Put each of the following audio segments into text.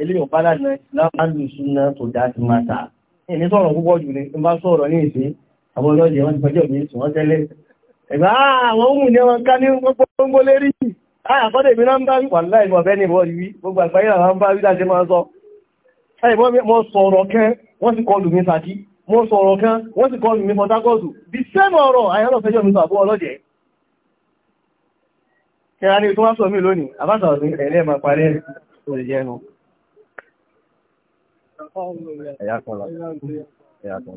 eléyìn ọ̀pálá náà lùsúnà tó dá ti máa ta ẹni sọ̀rọ̀ púpọ̀ jù ní bá sọ̀rọ̀ ní ìsẹ́ àwọn ọlọ́dẹ̀ wọ́n ti pẹ̀jọ́ mi sùn wọ́n tẹ́lẹ̀ ẹ̀gbà ah, àwọn ohun ni wọ́n ká ní gbogbo lérí àyàkọ́dẹ̀ ah, mi náà ń bá wà láì mọ̀ bẹ́ni bọ́ rí gbogbo àgbáyé àwọn bá rí dáṣẹ́ máa sọ mo sọ̀rọ̀ kan wọ́n sì kọlù mi Ṣakí mo sọ̀rọ̀ kan wọ́n sì kọlù mi Port Harcourt bí sẹ́mọ̀ ọ̀rọ̀ àyàlọ́ fẹjọ́ mi sọ àbú ọlọ́dẹ̀ kí a ní tó wá sọ mí lónìí àbáṣà ọ̀sìn ẹ̀lẹ́ máa parẹ́ òṣìṣẹ́ nu ẹ̀yà kan lọ. ẹ̀yà kan lọ.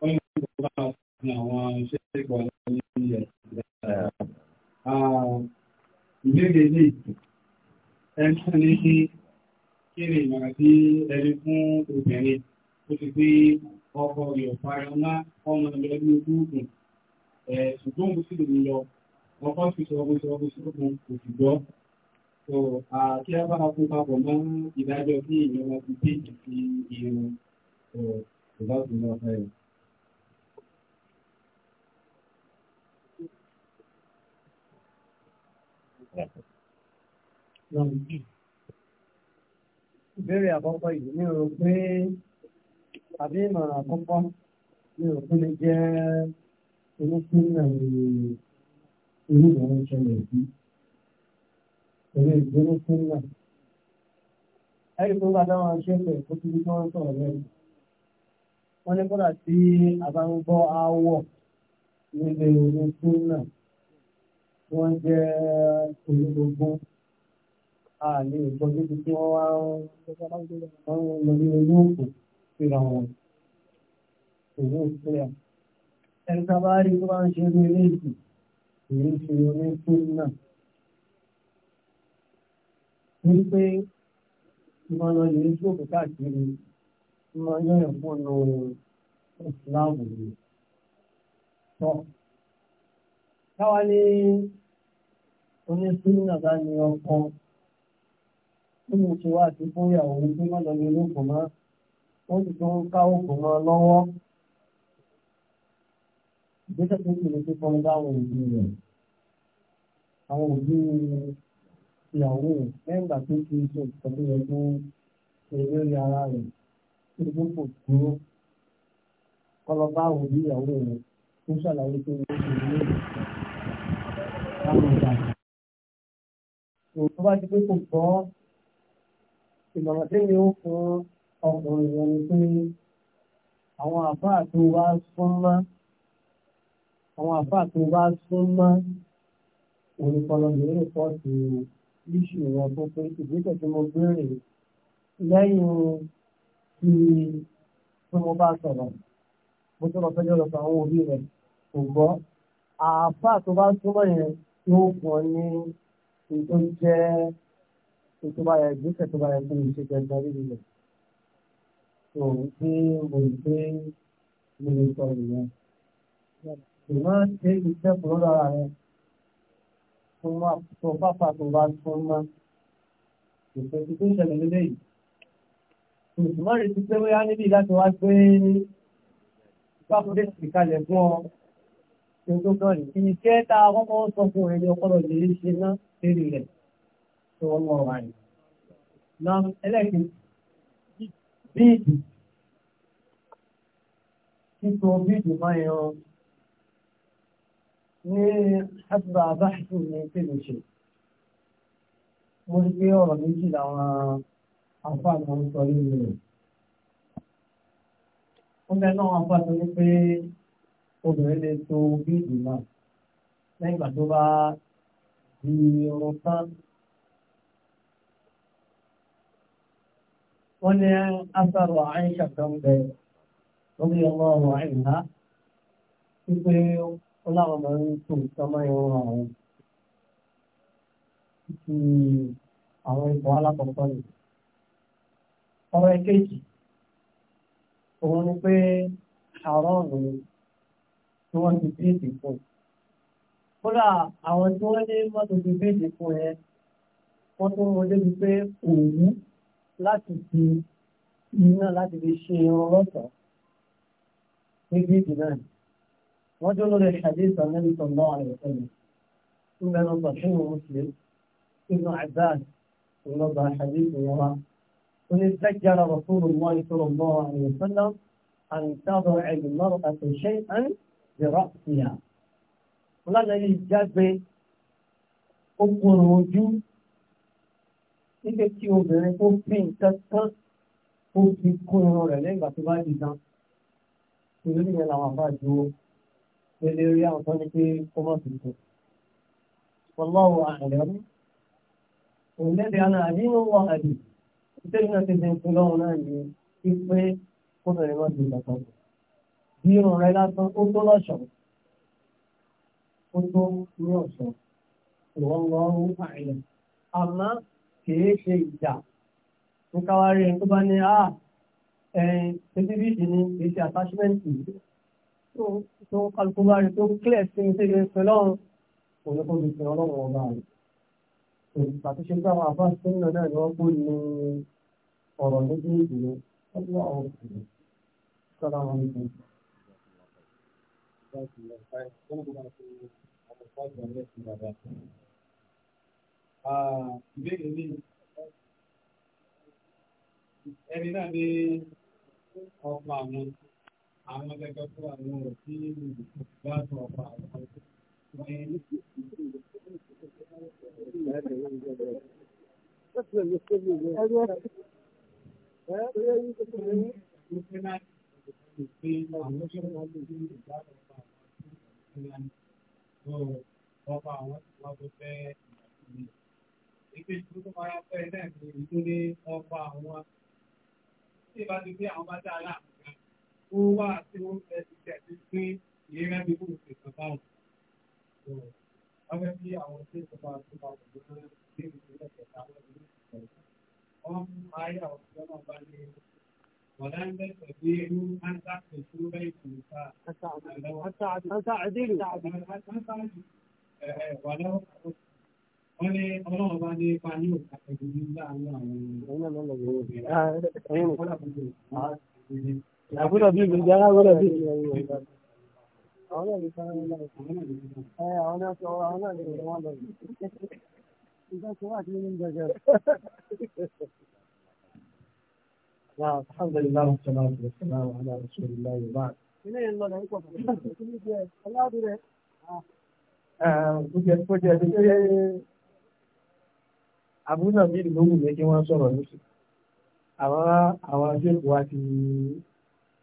wọ́n ní ìgbà ní àwọn iṣẹ́ ìgbà ní ilẹ̀ ìbéèrè yìí ẹni ní kí ni ìmọ̀ràn tí ẹni fún obìnrin ó ti pé ọkọ rẹ̀ ọ̀pára ńlá ọmọ rẹ̀ ní ogúnkùn ṣùgbọ́n mo sì lè lọ ọkọ sì sọ ọgbọ́n sọ ọgbọ́n sí ọgbọ́n kò sì gbọ́ So kí a bá kó papọ̀ mọ́ ìdájọ́ kí ìyẹn wọn fi péjì sí irun ìbáṣe lọ fẹ́ rẹ̀. Ìbéèrè àkọ́kọ́ yìí mi rò pé àbí ìmọ̀ràn àkọ́kọ́ mi rò pé lè jẹ́ onísìnà ìlú ìdáwọ́ ìṣẹ̀lẹ̀ yìí ìwé ìgbéró fún náà. Ẹ̀rí tó bá dáwọn aṣẹ́fẹ̀ tó ti ní kí wọ́n sọ̀rọ̀ lẹ́nu. Wọ́n ní kódà tí a bá ń gbọ́ áwọ̀ nílé ìwé fún náà. Wọ́n jẹ́ olùgbogbo. A lè gbọ́ níbi tí wọ́n wá ń lọ ní orí òkú síra wọn. Ìwé ìpínlẹ̀. Ẹni tá bá rí tó bá ń ṣe ní ilé ìsìn, kì í ṣe oní fún náà ní pé ìmọ̀ lọ lè ń ṣòkò káàkiri ìmọ̀ yọ̀yàn fún lo ìsìláàmù yìí tọ́ káwa ní onísúnnà bá ní ọkọ nínú ṣe wá àti fúnyàwó tí wọ́n lọ ní olóògùn mọ́ wọ́n ti tún ká òògùn mọ́ lọ́wọ́ ìgbésẹ̀ tó kù ní fífọ́n bá àwọn òbí àwọn òbí ìyàwó mẹ́gbà tó ti ṣe ìtọ́jú ẹgbẹ́ lórí ara rẹ̀ tó tó kò dúró kọlọ́bá wò ní ìyàwó rẹ̀ tó ṣàlàyé pé ó ṣe ilé láwọn ìgbà. Òtún bá ti pé kò gbọ́ ìmọ̀ràn tí mi ó fún ọkùnrin rẹ̀ ni pé àwọn àbá tó wá súnmọ́ àwọn àbá tó wá súnmọ́ òun kọlọ́ ní orí pọ́ọ̀tù iṣu yẹn tó pé ìgbésẹ̀ tí mo gbé rèé lẹ́yìn tí tí mo bá sọ̀rọ̀ mo sọ̀rọ̀ fẹ́jọ́ lọ sọ àwọn òbí rẹ̀ kò gbọ́ àáfà tó bá súnmọ́ yẹn yóò fún ọ ní ètò jẹ́ ètò bá yẹ ìgbésẹ̀ tó bá yẹ kí n ṣe jẹjẹ lórí rẹ̀ tó gbé mo gbé mo lè sọ ìyẹn. ìwọ́n ṣe iṣẹ́ kúrò lára rẹ̀ súnmọ́ tó bá fà tó bá súnmọ́ ìpèsè tó ṣẹlẹ̀ lélẹ̀ yìí mùsùlùmọ́ rẹ̀ ti pé wáyá níbi láti wá gbé bákúndé sì kalẹ̀ fún ọ tí ó tó kàn rí kí iṣẹ́ tá a kọ́kọ́ sọ fún ẹni ọpọlọ lè ṣe ná lérí rẹ̀ tó wọ́n mọ̀ wá ní. na ẹlẹ́kìn bíìdì títún bíìdì máa ń yan ní ẹgbà báṣìkò ní pèlú ṣe mo rí pé ọ̀rọ̀ méjì làwọn afáàmọ́ ń sọ lórí rẹ̀ ó bẹ náà wọn fàtó ní pé obìnrin lè to bíìdì náà lẹ́yìn tó bá di ọrùn tán wọ́n ní asàrò àìṣà kan bẹ lórí ọmọ ọ̀rọ̀ àìhá wípé ó máa ń tó nǹkan máa ń rọrùn àwọn ti àwọn ikọ̀ alákọ̀ọ́kọ́ ni. ọ̀rọ̀ èkejì òun ni pé àrọ́ọ̀nù ni tí wọ́n ti bíèdì fún kódà àwọn tí wọ́n ní mọ́tò ti bíèdì fún yẹn wọ́n tún mọ débi pé òwú láti fi iná láti fi ṣe irun lọ́sàn ní bíèdì náà wọ́n jó lórí hadith Ànábì sallallahu alaihi wasallam ń bẹnu sahih Muslim Ibn Abbas ìlọ́gbà hadith yẹn wa ó ní dájára Rasulullah sallallahu alaihi wasallam an tad'a al-mar'atu shay'an bi ra'siha ọlọ́nà yìí jágbe okùnrin ojú níbi tí obìnrin tó fi nǹkan tán ó fi kún irun rẹ̀ lẹ́yìn ìgbà tó bá di tán ìrírí yẹn làwọn àbá dúró pẹ̀lú orí àwọn tó ní pé kó mọ̀ sí tó. Ọlọ́run àlẹ́rú. Òun lẹ́bi àná àdínú wọ àdì. Ìtẹ́lẹ̀ náà ti di nǹkan lọ́run náà ní pípé kó bẹ̀rẹ̀ mọ́ sí ìgbà kan. Bí irun rẹ lásán, ó tó lọ́ṣọ̀. Ó tó ní ọ̀ṣọ́. Ìwọ́n lọ́rùn àìlẹ̀. Àmọ́ kìí ṣe ìjà. Nǹkan wá rí ẹni tó bá ní, ah, ẹ̀yìn, ṣe bíbí ìdí ni kìí ṣe attachment ìlú tó kálukú bá rí tó clear sí ní sílé pẹ̀lọ́run kò ní kó lè fi ọlọ́run ọba rẹ̀ ìpàtúnṣe tí àwọn àbá sí nínú náà ni wọ́n kó ní ọ̀rọ̀ méjèèjì ni wọ́n ní àwọn òkùnrin sọ́dọ̀ wọn níbi. ìbéèrè ní ẹni náà ní ọkọ̀ àwọn àwọn akẹ́kọ̀ọ́ fún àwọn òsì bá sọ ọ̀pọ̀ àwọn ọ̀pọ̀ àwọn tó tó máa fẹ́ náà ní ìdílé ọ̀pọ̀ àwọn tí ìbá ti gbé àwọn bá dáa láàmú ó wà tí ó fẹ́ ti tẹ̀sí pé ìrẹ́ bí kò sì sọ bá wọn. Wọ́n fi àwọn tí ìjọba tó bá wọ̀ lọ́wọ́ sí ìpínlẹ̀ kẹta wọn ní ìpínlẹ̀. Wọ́n ayé àwọn tí wọ́n bá ní ولا تبيعوا أن تحبسوا بيت النساء أن تعدلوا ولو wọ́n ní ọlọ́run bá ní ipa ní òkàtà ìdílé láàárín àwọn ènìyàn àgbọ́dọ̀ bí ìgbìyànjú ara gbọ́dọ̀ bí. àwọn náà lè sáré lọ àwọn náà sọ àwọn náà lè rìn wọn lọ ìgbà tó wà nínú jẹjẹ. Náà alhamdulillah wa salatu wa salamu ala rasulillah wa ba'd. Ilé ìlọ náà ń pọ̀ fún mi. Aláàbí rẹ̀. Kójẹ́ kójẹ́ ti ṣe Abúlé náà bí ìlú wù mí kí wọ́n sọ̀rọ̀ lóṣù. Àwọn àwọn aṣèkù wa ti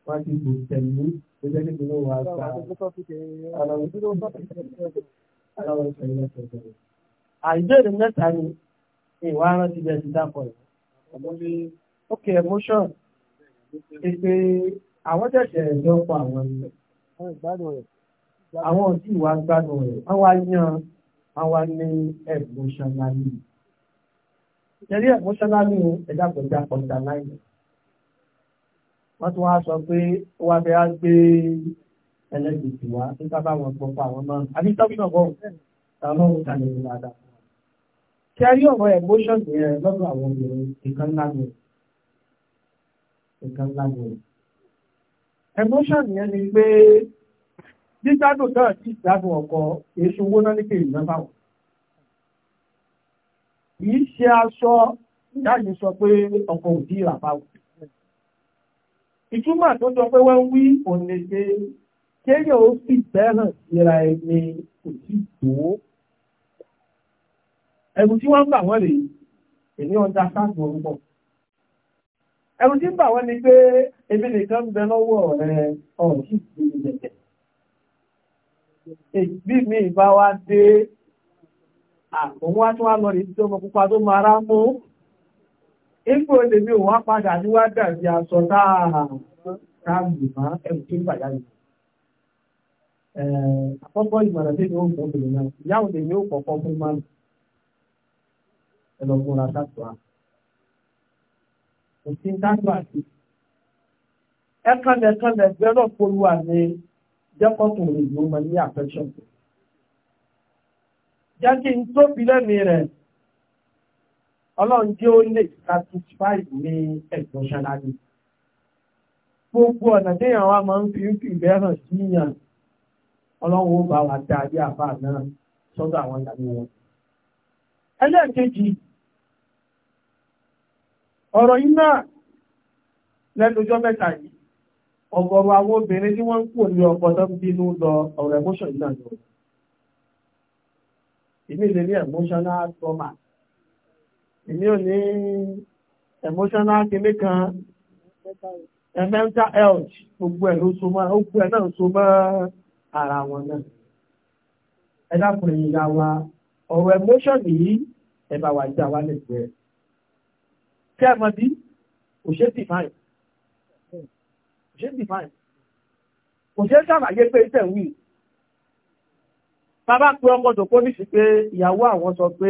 wọ́n ti kò tẹ̀lé tó jẹ́ kékeré wọn wá gbà àìbéèrè mẹ́ta ni ìwà rántí bẹ́ẹ̀ ti dápọ̀ rẹ̀ ok emotion pé àwọn tẹ̀sẹ̀ lọ́pọ̀ àwọn ilẹ̀ àwọn tí ìwà gbádùn rẹ̀ wọ́n wá yan wọ́n wá ní emotionally. Ìjẹ́rí emotionally ẹ̀dàpọ̀ ìdàpọ̀ ìdàláìlẹ̀ wọ́n tún wá sọ pé ó wá fẹ́ á gbé ẹlẹ́gbẹ̀ẹ́ wá nípa báwọn gbọ́ pa àwọn máa àbí tọ́pínà bọ́ àwọn òkàlẹ̀ ìlàdà. kí a rí ọ̀rọ̀ emotion yẹn lọ́dọ̀ àwọn obìnrin nǹkan ńlá ni nǹkan ńlá ni emotion yẹn ni pé dídádùn náà ti ìdádùn ọkọ èso owó náà nípe ìnáfà wọn. kì í ṣe aṣọ ìyá yìí sọ pé ọkọ òdì ìràpá ìtumọ̀ tó jọ pé wọ́n wí òǹdèṣe kéèyàn ó sì fẹ́ràn síra ẹni kò sí tó ẹ̀rù tí wọ́n ń bà wọ́n rèé èmi ọjà sáàtì orúkọ ẹ̀rù tí ń bà wọ́n ni pé ebi nìkan ń bẹ lọ́wọ́ rẹ ọ̀rọ̀ sí ìpínlẹ̀ jẹ̀jẹ̀ èbí mi ìbá wa dé àwọn wá tún wá lọ rí tí ọmọ pupa tó máa rá mú Igbó olè mi ò wá padà níwádà sí aṣọ táàrùn-ún ẹ̀rù tí ń pàdá yìí. Àkọ́kọ́ ìmọ̀ràn tí ó ń fún obìnrin náà, ìyá olè mi ò kọ̀kọ́ fún máa ẹlọ́gbọ́n ra tàtùá. Kò sí tàtùá sí. Ẹkànlẹ̀kànlẹ̀ gbẹ́rọ̀ polúwa ní jẹ́kọ̀kùnrin ìlú mọ̀ ní àfẹ́ṣọ̀kù. Jẹ́ kí n tóbi lẹ́mìí rẹ̀ ọlọ́run jẹ́ ó lè satisfy ní emotionally gbogbo ọ̀nà téèyàn wa máa ń fi ń fi ìbẹ́ràn sí yàn ọlọ́run ó bá wa dá bí àbá náà sọ́dọ̀ àwọn ìyàwó wọn ẹlẹ́ẹ̀kejì ọ̀rọ̀ yìí náà lẹ́nu ọjọ́ mẹ́ta yìí ọ̀gọ̀rọ̀ àwọn obìnrin tí wọ́n ń kú ní ọkọ tó ń bínú lọ ọ̀rọ̀ emotion náà lọ. Èmi lè ní emotional trauma èmi ò ní emotional kìíní kan mental health gbogbo ẹ̀ ló so mọ́ gbogbo ẹ̀ náà so mọ́ ara wọn náà ẹ dákun ẹ̀yìn ìyá wa ọ̀rọ̀ emotion yìí ẹ bá wà já wa lẹ́gbẹ̀ẹ́ kẹ́ ẹ mọ̀ bí kò ṣe define kò ṣe define kò ṣe ṣàlàyé pé iṣẹ́ ń wí bàbá pé ọkọ̀ tó kó níṣì pé ìyàwó àwọn sọ pé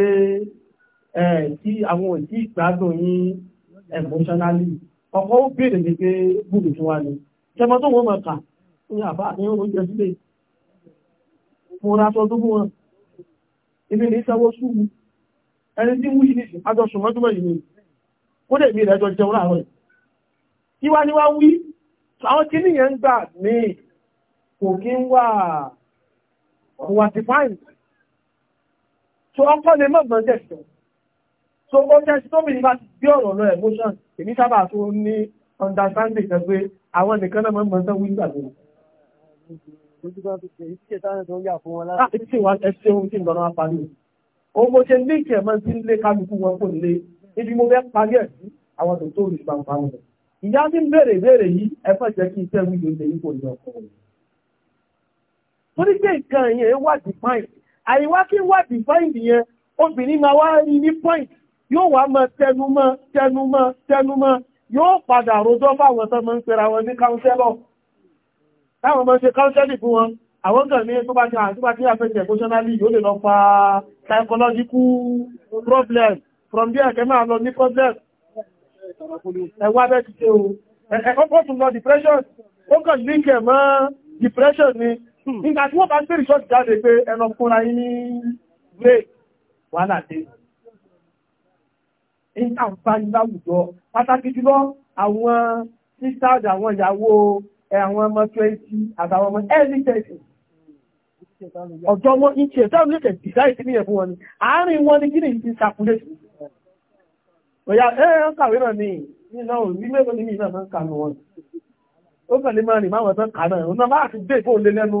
tí àwọn òtí ìgbádùn yín emotionally ọkọ̀ ó bèèrè ní pé gbùdù fún wa ni ṣẹmọ tó wọ́n mọ̀ kà ní àbá ní oúnjẹ sílẹ̀ mo ra sọ tó fún wọn ibi ní ìsanwó súnmù ẹni tí wú yìí nìsí ajọ sùnmọ́júmọ́ yìí ni ó dẹ̀ mi rẹ̀ jọ jẹun láàárọ̀ yìí wá ní wá wí àwọn kìíní yẹn ń gbà ní kò kí ń wà wà ọkọ̀ lè mọ̀ gbọ́n jẹ̀sùn so ó jẹ́ sí tóbi nípa ti gbé ọ̀rọ̀ lọ emotion èmi sábà tó ní understanding kan pé àwọn nìkan náà mọ́ sán wí gbàgbé Owó ah, ṣe ní ìkẹ̀ mọ́ sí ilé kálukú wọn kò lè, ibi mo fẹ́ parí ẹ̀ sí àwọn tó tó rí ìgbàmù pàmù rẹ̀. Ìyá tí ń bèèrè ìbéèrè yìí, ẹ̀fẹ́ jẹ́ kí iṣẹ́ wíjọ ilẹ̀ yìí kò lọ. Torí pé nǹkan yẹn wà define, àìwá kí wà define yẹn, obìnrin máa wá rí ní point yóò wá mọ́ tẹnumọ́ tẹnumọ́ tẹnumọ́ yóò padà rojọ́ fáwọn tọ́mọ́ ń pera wọn ní káúnsẹ́lọ̀ táwọn mọ́ ṣe káúnsẹ́lì fún wọn àwọn kan ní tó bá ti àti bá ti àfẹ́jẹ̀ emotionally yóò lè lọ fa psychological problem from there kẹ́ máa lọ ní problem ẹwà bẹ́ ti ṣe o ọkọ̀ tún lọ depression ó kàn ní kẹ̀ depression ni nígbà tí wọ́n bá ń pè resort jáde pé ẹnà fúnra yín ní ìtàǹfààní láwùjọ pàtàkì jùlọ àwọn sisters àwọn ìyàwó àwọn ọmọ 20 àtàwọn ọmọ early 30 ọjọ́ wọn ìtì ẹ̀tàwọn lẹ́kẹ̀ ìdáyì sí níyẹ̀ fún wọn ni àárín wọn ní gínì ti sàkúlẹ̀ sí ọ̀yà ẹ̀rọ kàwé náà ní nínú orí mẹ́rin ní ìlànà máa wọn ó kàn máa rìn máwọn tán kà náà máa ti dé ìfò lẹ́nu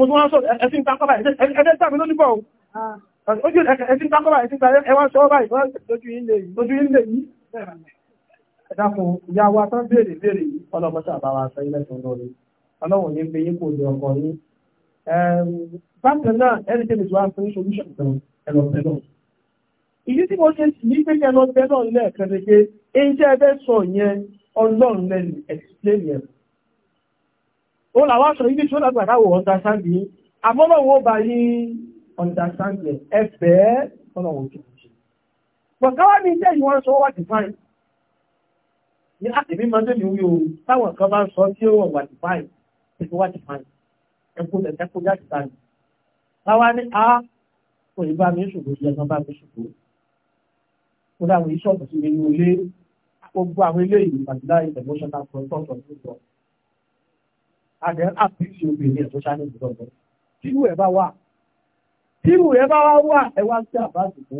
mo tún wọ́n sọ ẹ̀sìn takọ́bà ẹ̀sìn tàbí ló níbọ̀ ojú ẹ̀sìn takọ́bà ẹ̀sìn tàbí ẹwà sọ́ọ́bà ìfọ́lójú ilé yìí ẹ̀dàkùn ìyá wa tán béèrè béèrè ọlọ́pọ̀tà àbáwà sọ ilẹ̀ tó lórí ọlọ́wọ̀n ní pé yípo ìdí ọkọ̀ ní bákan náà ẹni tẹ́lẹ̀ tó wá fún solution kan ẹlọ pẹ̀lọ ìdí tí mo ṣe ní pé kí ẹlọ ẹjẹ́ ẹgbẹ́ sọ yẹn ọlọ́run lẹ́nu ó làwá sọ ibi tí ó lágbàdá wò ọ̀ndàsáǹdì àmọ́lọ́wọ́ bá yí ọ̀ndàsáǹdì ẹ̀fẹ́ ọlọ́wọ́ tó kù sí. pọ̀káwá ní iṣẹ́ yìí wọ́n sọ wà dìfáì ní àtẹ̀mí máa tẹ̀lé wí o táwọn kan bá ń sọ tí ó wọ̀ wà dìfáì ẹ̀kọ́ wà dìfáì ẹ̀kọ́ ẹ̀kọ́ jáde sáàlì. táwa ní a kò ní bá mi ṣògo yẹ kan bá mi ṣògo. kó dáwọn iṣọ́ọ̀bù sí mi ní ilé gbogbo àwọn ilé ìgbàgbọ́ and then abuse obìnrin ẹ̀ tó ṣáájú ìjọba ọ̀dọ́. Tírú ẹ̀ bá wà. Tírú ẹ̀ bá wá wà ẹ wá sí àbá àsìkò.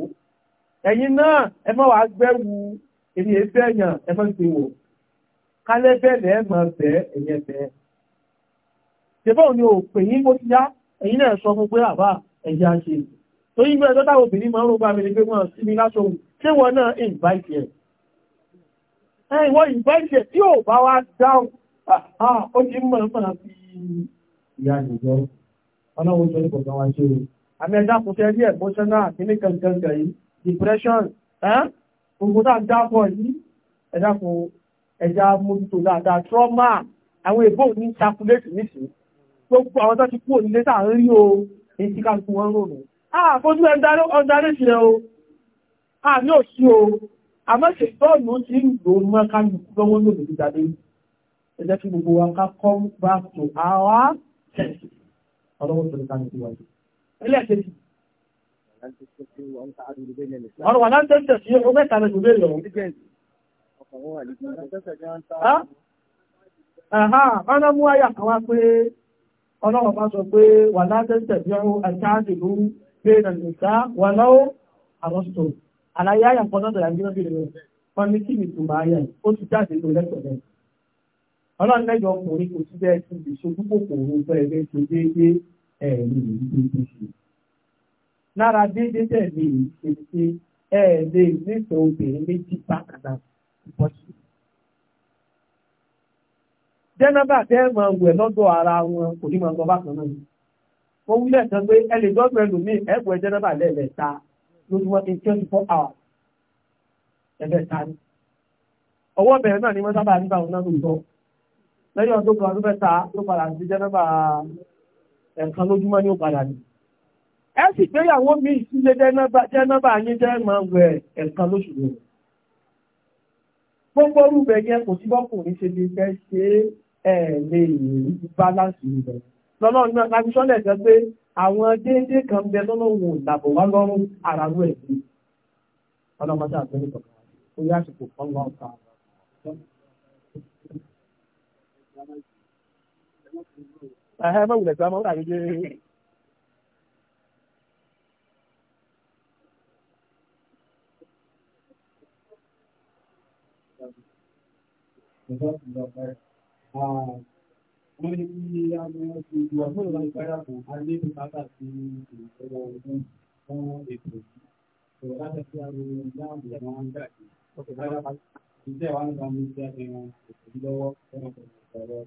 Ẹ̀yin náà ẹ má wàá gbẹ́wu èmi ẹ̀fẹ́ yàn ẹ má ti wò. Kálẹ́ bẹ́ẹ̀ lẹ́ẹ̀ máa bẹ́ ẹ̀yẹ bẹ́. Ṣèbá òní ò pè yín mo ti yá ẹ̀yin náà sọ fún pé àbá ẹ̀yẹ á ṣe. Torí ìgbẹ́ ẹ̀dọ́ obìnrin máa ń rògbà mi ni pé wọ́n sí mi láṣọ òun. Ṣé wọn náà invite yẹn? Ẹ ìwọ invite yẹn tí ò bá wá dáhùn Ah, ah, ó ti ń depression gbogbo náà dápọ̀ yìí ẹ̀dá kò ẹ̀dá dáadáa trauma àwọn èbó ní calculate nísìnyí gbogbo àwọn tó ti kú ònílé tàà rí o èyí tí kálùkù wọn rò àà ah, fojú ẹ̀ndarí sílẹ̀ o àà ní òsí ẹ jẹ́ kí gbogbo wa ká come back to our text ọlọ́wọ́ tó ní ká ní ìwájú. ilé ẹ̀kejì ọ̀rọ̀ wà láti tẹ́sẹ̀ sí ọgbẹ́ ìtàlẹ̀ ìgbé lọ. Ọ̀nà mú ayà kan wá pé ọlọ́wọ̀ bá sọ pé wà láti tẹ́sẹ̀ sí ọrún àtàdì ló pé nà nìta wà lọ́wọ́ àrọ́sọ̀. Àlàyé ayà kan náà dàgbé lọ́gbẹ̀rẹ̀ wọn ní kí ìtumọ̀ ayà ó ti jáde lọ lẹ́gbẹ̀rẹ̀ ọlọ́run lẹ́jọ́ ọkùnrin kò sí bẹ́ẹ̀ tí lè ṣojú kòkòrò fẹ́ẹ̀rẹ́ ṣe déédé ẹ̀ẹ̀mí èyí tó ti ṣe. lára déédé tẹ̀lé èyí ṣe ṣe ẹ̀ẹ̀lẹ́ nífẹ̀ẹ́ obìnrin méjì bákàtà ìbọ̀ṣẹ̀. jẹ́nàbà tẹ́ máa wẹ̀ lọ́dọ̀ ara wọn kò ní máa lọ bákan náà. mo wí lẹ́sàn pé ẹ lè dọ́gbẹ́ lómi ẹ̀wọ̀ jẹ́nàbà lẹ́ẹ̀mẹ́ta lójúmọ́ in twenty four hours ẹ̀ẹ̀mẹ́ta ni. ọwọ́ bẹ̀rẹ̀ náà ni wọ́n sábà nígbà wọn náà lóòótọ́ lẹ́yìn ọdún kan tó mẹ́ta ló padà sí jẹ́nẹ́bà ẹ̀kan lójúmọ́ ní ó padà ní ẹ sì gbéyàwó mi sílé jẹ́nẹ́bà yín jẹ́ máa ń wẹ ẹ̀kan lóṣù rẹ̀ gbogbo rúbẹ̀ yẹn kò sí bọ́kùnrin ṣe lè fẹ́ ṣe ẹ̀ lè rí báláǹsì rẹ̀ lọ́nà ìgbà láti sọ́lẹ̀ pé àwọn déédé kan bẹ lọ́nà òun ìdàbò wá lọ́rùn ara rú ẹ̀ sí ọlọ́mọdé àgbẹ̀rẹ̀ kọ̀ọ̀kan àsìkò fọ́nlọ́ọ̀ta Ẹ̀hẹ́ mọ̀ wùlẹ̀ sámọ́ rà gẹ́gẹ́. Wọ́n a mọ́ sí ìwọ̀n fún ìwọ̀n Ilé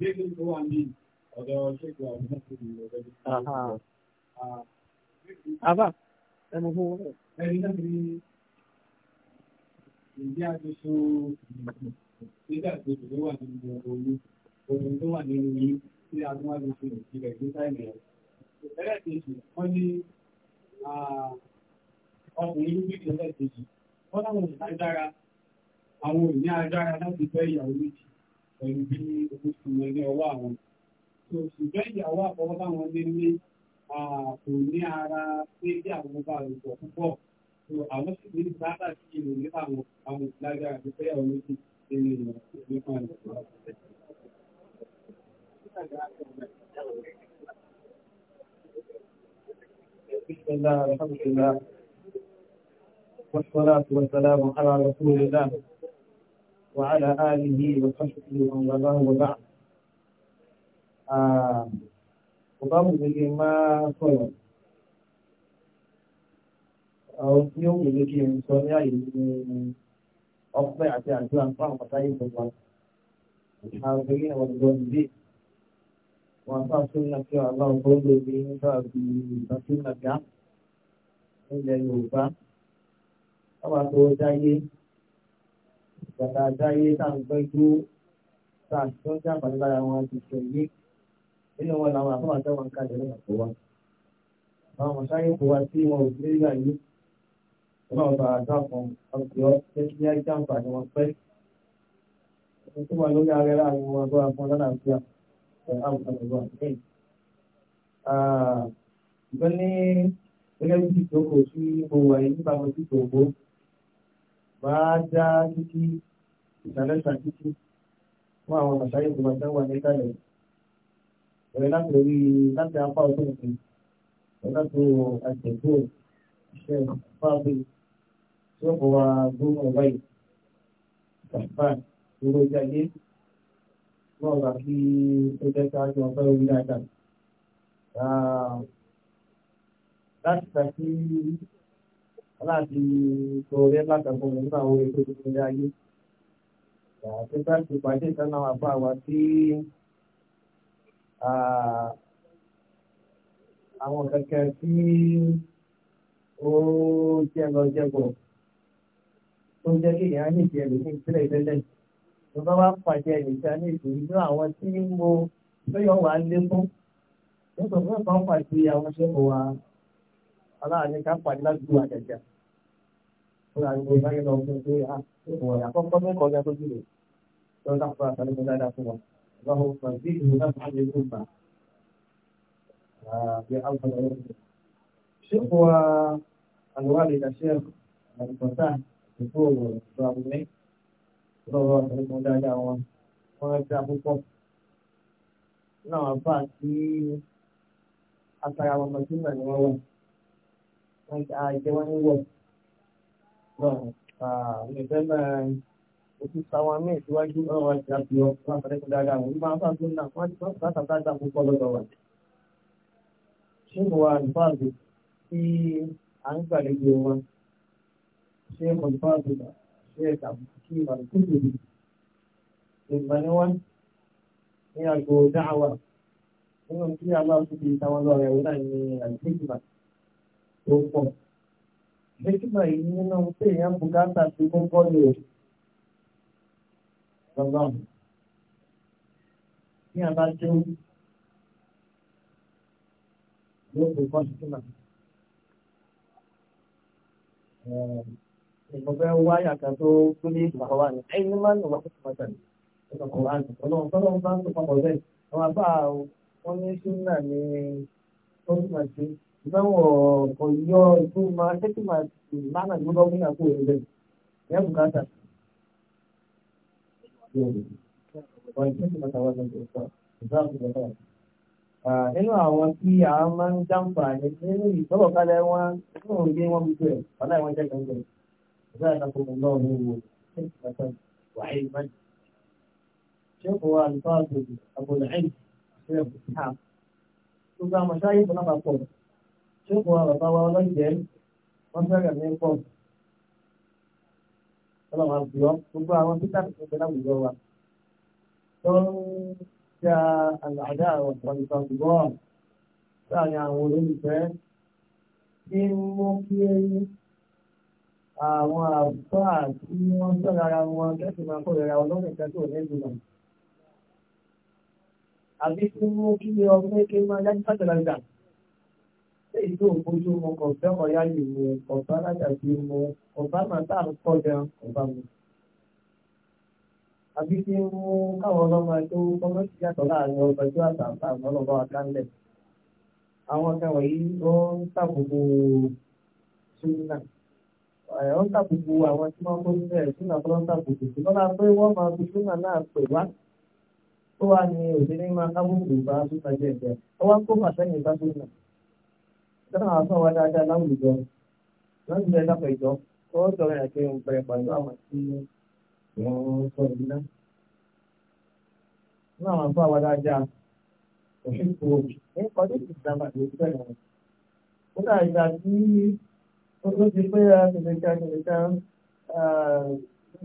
ẹnu fún wọn. Ẹni náà ní ìdí àtúnṣe nígbà tó tó wà nínú oyún, oyún tó wà nínú yín tí a tún wá lè fi ìpìlẹ̀ ní sáìmì rẹ̀. Ẹlẹ́ẹ̀kejì, wọ́n ní ọkùnrin ní ìpìlẹ̀ ẹlẹ́ẹ̀kejì, wọ́n náà mọ̀ àwọn ò agbára láti fẹ́ ìyàwó méjì pẹ̀lú bí owó fún wọn ní ọwọ́ àwọn. tó ṣùgbọ́n ìyàwó àkọ́kọ́ táwọn ní ní kò ní ara pé bí àwọn bá rẹ̀ pọ̀ púpọ̀ tó àwọn sì ní bàbá sí ìlú nípa àwọn àwọn ìlágbára àti fẹ́ ìyàwó méjì nínú ìlú nípa ìlú. بسم الله والحمد لله والصلاة والسلام على رسول الله وعلى آله وصحبه ومن والاه وبعد ọbaamu gbege máa sọ̀rọ̀ àwọn tí ó gbege kí n sọ ní àyè ní ọpẹ́ àti àdúrà fún àwọn pàtàkì ìjọba àwọn gbege àwọn ìjọ ìdí wọn fà sún náà kí ọlá ọgbọ́n ló ní nígbà bí ìbátí nàgá nílẹ̀ Yorùbá wọn bá tó dáyé bàtà àdáyé tá à ń gbọ́ igbó tá à tó ń jàǹfààní lára wọn ti sọ yìí nínú wọn làwọn àfọwọ́ àtẹwọ́ ń kájọ lọ́nà tó wá. àwọn mọ̀sáyé kò wá sí wọn ò sí nígbà yìí ọlọ́run bá àdá kan ọ̀gbìn ọ́ pé kí á jàǹfààní wọn pẹ́. ẹni tó wà lórí ara láàrin wọn bá wọn lọ́nà àti àwùjọ ìwà ní. ìgbẹ́ ní gẹ́gẹ́ bí ìdálẹ́sà títí fún àwọn màsáyé tó máa wà nígbà yẹn ẹ̀rẹ́ láti orí láti apá ọdún òfin ọ̀gá tó àjẹ̀kú iṣẹ́ fáàbí tí ó kọ́ wa gbóhùn ọ̀gá yìí kàfà ìjà yé náà gbà kí ó jẹ́ ká jọ ọ̀gá orí dáadáa. láti gbà aláàbí tó rẹ́ látàkùn nípa àwọn ètò ìpínlẹ̀ ayé àtúntà ti pàdé kan náà àbá wa tí àwọn kẹ̀kẹ́ tí ó jẹ́ lọ jẹ́gbọ̀ tó jẹ́ kí ìyá ní ìdí ẹ̀lòmíì sílẹ̀ tẹ́lẹ̀ tó bá wá pàdé ẹ̀nìkan ní ìtòyí ní àwọn tí mo lóyọ̀ wá lé fún nítorí wọn kàn pàdé àwọn ṣẹ́kọ̀ọ́ wa aláàánú ká pàdé ládùúgbò àjàjà fúnra ní ọba yẹn lọ fún un pé a ah, wọ̀ àkọ́kọ́ mẹ́kọ̀ọ́ ọjà tó jùlọ lọ lápá àtàlẹ́kọ̀ọ́ dáadáa fún wọn lọ́wọ́ fún bí ìlú náà fún àjẹ tó gbà bí a wọ́n lọ́wọ́ fún un. ṣé kò wá àlùwá lè dà ṣe àìkọ́tà ìfowó ọ̀rọ̀ àbúlé lọ́wọ́ àtàlẹ́kọ̀ọ́ dáadáa wọn wọ́n dá púpọ̀ náà bá sí àtàrà àwọn ọmọ tí wọ́n ah, wọ̀ wọ́n jẹ́ wọ́n ń wọ̀ ìfẹ́ ah, náà oṣù táwọn míì síwájú ọ̀rọ̀ àti àbíọ́ fún àfẹ́rẹ́kọ̀ dáadáa wọn máa ń fàgbọ́n náà wọ́n ti fọ́n bàtà dáadáa púpọ̀ lọ́dọ̀ wa. ṣé mo wà nípaàbò tí à ń gbàlejò wọn ṣé mo nípaàbò ṣé ẹ̀ka kí ìbàdàn tó tòbi ìgbani wọn ní àgbo dáhàwà nínú tí a máa fi di lọ́rẹ̀ wọn ní àgbéjìmá tó pọ̀. Hekima yìí nínú pé èèyàn bùkátà sí kọ́kọ́ ni o. Bàbá mi, ní àbá tó yóò fi kọ́ hekima. Ìgbọ̀gbẹ́ wá yàtọ̀ tó tó ní ìgbà wa ni. Ẹyin máa ń lọ wá fún ọjà ní ọkọ̀ wa ni. Ọlọ́run tọ́lọ́run bá ń tó papọ̀ bẹ́ẹ̀. Àwọn àbá wọn ní sínú ni ó túmọ̀ Ìgbàwọ̀ ọ̀yọ́ ìtumọ̀ ṣẹ́kìmọ̀ lánàá ló lọ́wọ́ ní àpò ìrẹ̀lẹ̀. Ìyá bùkátà. Nínú àwọn tí a máa ń jàǹfà nínú ìtọ́wọ̀kálẹ̀ wọn, nínú òye wọn gbogbo ẹ̀, ọ̀la ìwọ̀n jẹ́ gbogbo ẹ̀. Ìgbà ìdàpọ̀ náà ní wo, ṣé ìgbàgbọ́ wàá ìmájì. Ṣé kò wá àlùfáà gbòdì, àbòlẹ̀ ẹ̀ ṣe é bùkátà. Gbogbo àwọn ṣáyé tó náà bá pọ̀ tí ó kún àwọn bàbá wa ọlọ́jẹ́ wọ́n fẹ́rẹ̀ ní pọ̀ ọlọ́run àbí ọ́ gbogbo àwọn títà tó fẹ́ láwùjọ wa tó ń ja àlàdà ọ̀pọ̀ ìtàn ṣùgbọ́n láàrin àwọn olólùfẹ́ tí ń mú kí àwọn àbúkọ́ àti wọ́n sọ́ra ara wọn lẹ́sìn máa kó rẹra wọn lọ́nà ìtẹ́kọ̀ọ́ lẹ́gbẹ̀ẹ́ àbí tí ń mú kí ọmọ ẹgbẹ́ máa yájú pàtàkì èyí tó ń bójú mu ọ̀fẹ́ ọ̀yá yìí mu ọ̀fẹ́ alájàgbé mu ọ̀fẹ́ màtá àkọ́jà ọ̀fẹ́ mu. àbí kí n mú káwọn ọlọ́mọ tó kọ́mọ́ sí yàtọ̀ láàrin ọgbẹ́jọ́ àtàǹtà ọlọ́mọ akánlẹ̀. àwọn akẹ́wọ̀n yìí ló ń tàbùkù súnà ọ̀ ń tàbùkù àwọn tí wọ́n kó sílẹ̀ súnà tó ń tàbùkù ṣùgbọ́n la pé wọ́n máa fi súnà náà pè wá tó wà ní òṣèlú máa kábùkù dáhùn àfọ wa dáadáa láwùjọ láti bẹ dápẹ ìjọ ó sọ̀rọ̀ yẹn pé òun bẹ̀rẹ̀ pẹ̀lú àwọn tí wọn sọ ìlú náà náà àwọn àfọ wa dáadáa òfin kò ní kọjú ìdàgbà tó ti bẹ̀rẹ̀ wọn. ó dà ìgbà tí ó ti pé kìnìkan kìnìkan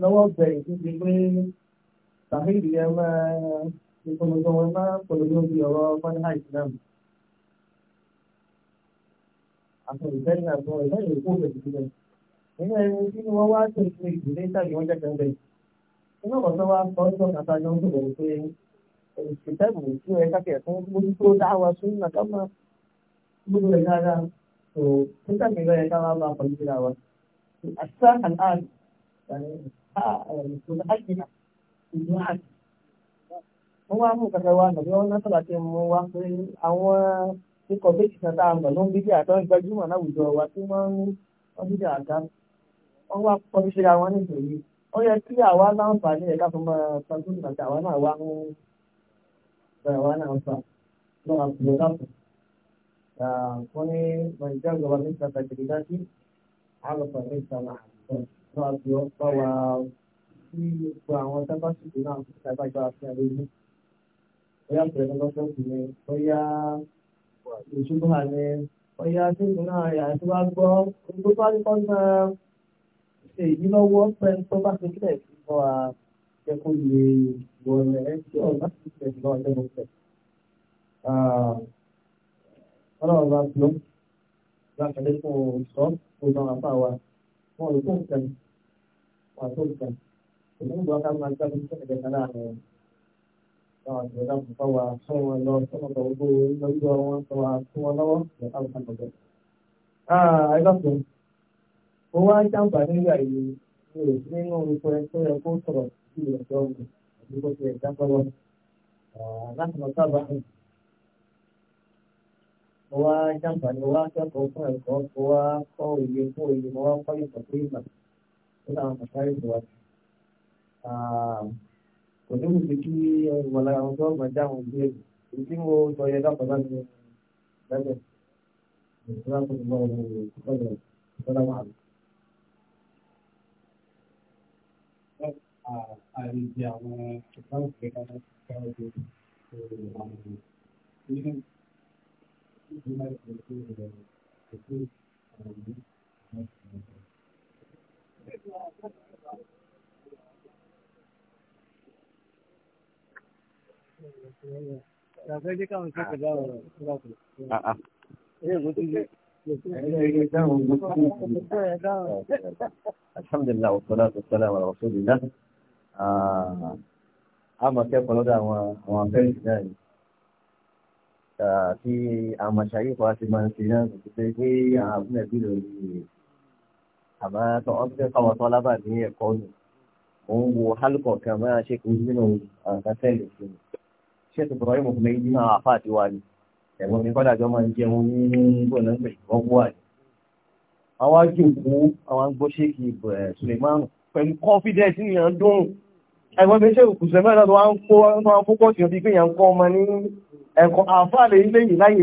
lọ́wọ́ bẹ̀rẹ̀ àti ìfẹ́ni àti ìfẹ́ ìlú òkè sílẹ̀. nínú ẹni tí wọ́n wá tó ìpín ìdílé tàbí wọ́n jẹ́ kẹ́ńbẹ́. nínú ọ̀rọ̀ tó wá sọ ọjọ́ kàtà jọ ń sọ̀rọ̀ pé ìṣẹ̀tẹ̀bù tí ó yẹ kákẹ́ fún mójútó dáwà sí nàkà máa gbogbo rẹ̀ dáadáa tó títà mi lọ́yẹ ká máa bá a pọ̀lú síra wa. àṣà and art ìdúrà wọ́n wá mú kàkẹ́ wa nàbí wọ́n ná kíkọ méjì kan tá a mọ̀ ló ń bíjà tó ń gbajúmọ̀ láwùjọ wa tí wọ́n ń wọ́n bíjà àga wọ́n wá kọ́ fi ṣera wọn nítorí ó yẹ kí àwa láǹfààní ẹ̀ka fún máa tọ́jú àti àwa náà wá ń bẹ̀rẹ̀ wá náà fà lọ́wọ́ àpòlọ lápò. wọ́n ní nàìjíríà ìjọba ní ìta tàbí dájú àlọ́fà ní ìta láàbọ̀ lọ́wọ́ àpòlọ bá wa sí gbogbo àwọn tábàṣìkò náà fún ìta àti àlejò. bóyá pẹ̀lú ọlọ́sọ̀ọ̀sì ni bóyá ìṣubúra ni ọ̀yà tí ìgbìmọ̀ àyà tí wàá gbọ́ gbogbo pálí kan máa ṣe èyí lọ́wọ́ pẹ̀lú tó bá ti kílẹ̀ sí fún wa jẹ́ kó lè wọlé ẹ̀ tí ọ̀rọ̀ bá ti kílẹ̀ sí lọ́wọ́ jẹ́ mo fẹ́. Ah, ọlọ́run bá gbọ́ lákàlẹ́ fún sọ ìjọba kò bá wa fún wọn lọ sọ́nà tó gbó lọ́jọ́ wọn tó wa fún wọn lọ́wọ́ ní àwùjọ àgbẹ̀. àìlọ́pọ̀ ó wá jàǹbá nígbà yìí mi ò nínú ipò ẹ tó sọ̀rọ̀ sí ìrọ̀jọ́ mi àti bó ti ẹ̀dá pọ̀ láti lọ sábà mo wá jàǹbá ni mo wá kẹ́kọ̀ọ́ fún ẹ̀kọ́ mo wá kọ́ òye fún òye mo wá kọ́ ìgbà fún ìgbà nígbà àwọn mọ̀sáyì tó kò ní wùdí kí wà lára àwọn tó ọgbà dáhùn bí ẹ ìdí mo sọ yẹ dápọ̀ láti lẹ́gbẹ̀ ìṣúra tó ti bọ̀ ọ̀rọ̀ ìṣúra ìṣúra wà. Àìjẹ àwọn ìṣúra òkèèrè kan ká ọdún ìṣòro àwọn ọmọ ìṣúra ìṣúra ìṣúra ìṣúra ìṣúra ìṣúra alhamdulilah wa salatu wa salam ala rasulillah ah, a máa kẹ́kọ̀ọ́ lọ́dọ̀ àwọn àwọn afẹ́rẹ́sì náà ni tí àwọn àṣàyè kan ti máa ń ṣe náà kò tẹ́ pé àwọn àbúrò ẹbí rẹ̀ ni àmọ́ wọ́n ti kọ́ àwọn tọ́lábà ní ẹ̀kọ́ nù òun wo hálùkọ̀ kan máa ṣe kó nínú àǹkátẹ́lẹ̀ sí i. Sheikh Ibrahim ọ̀fún méjì náà àfà àti wa ẹ̀gbọ́n mi kọ́dà máa ń jẹun ní gbọ̀nà ń pè wọ́n wà ní. àwọn ajókòó àwọn agbó Sheikh Suleiman pẹ̀lú confidence ní yàn dùn ẹ̀gbọ́n mi Sheikh Suleiman náà wọ́n kó wọn fókọ̀ sí ọdí pé yàn kọ́ ọmọ ní ẹ̀kọ́ àfà lè ilé yìí láyè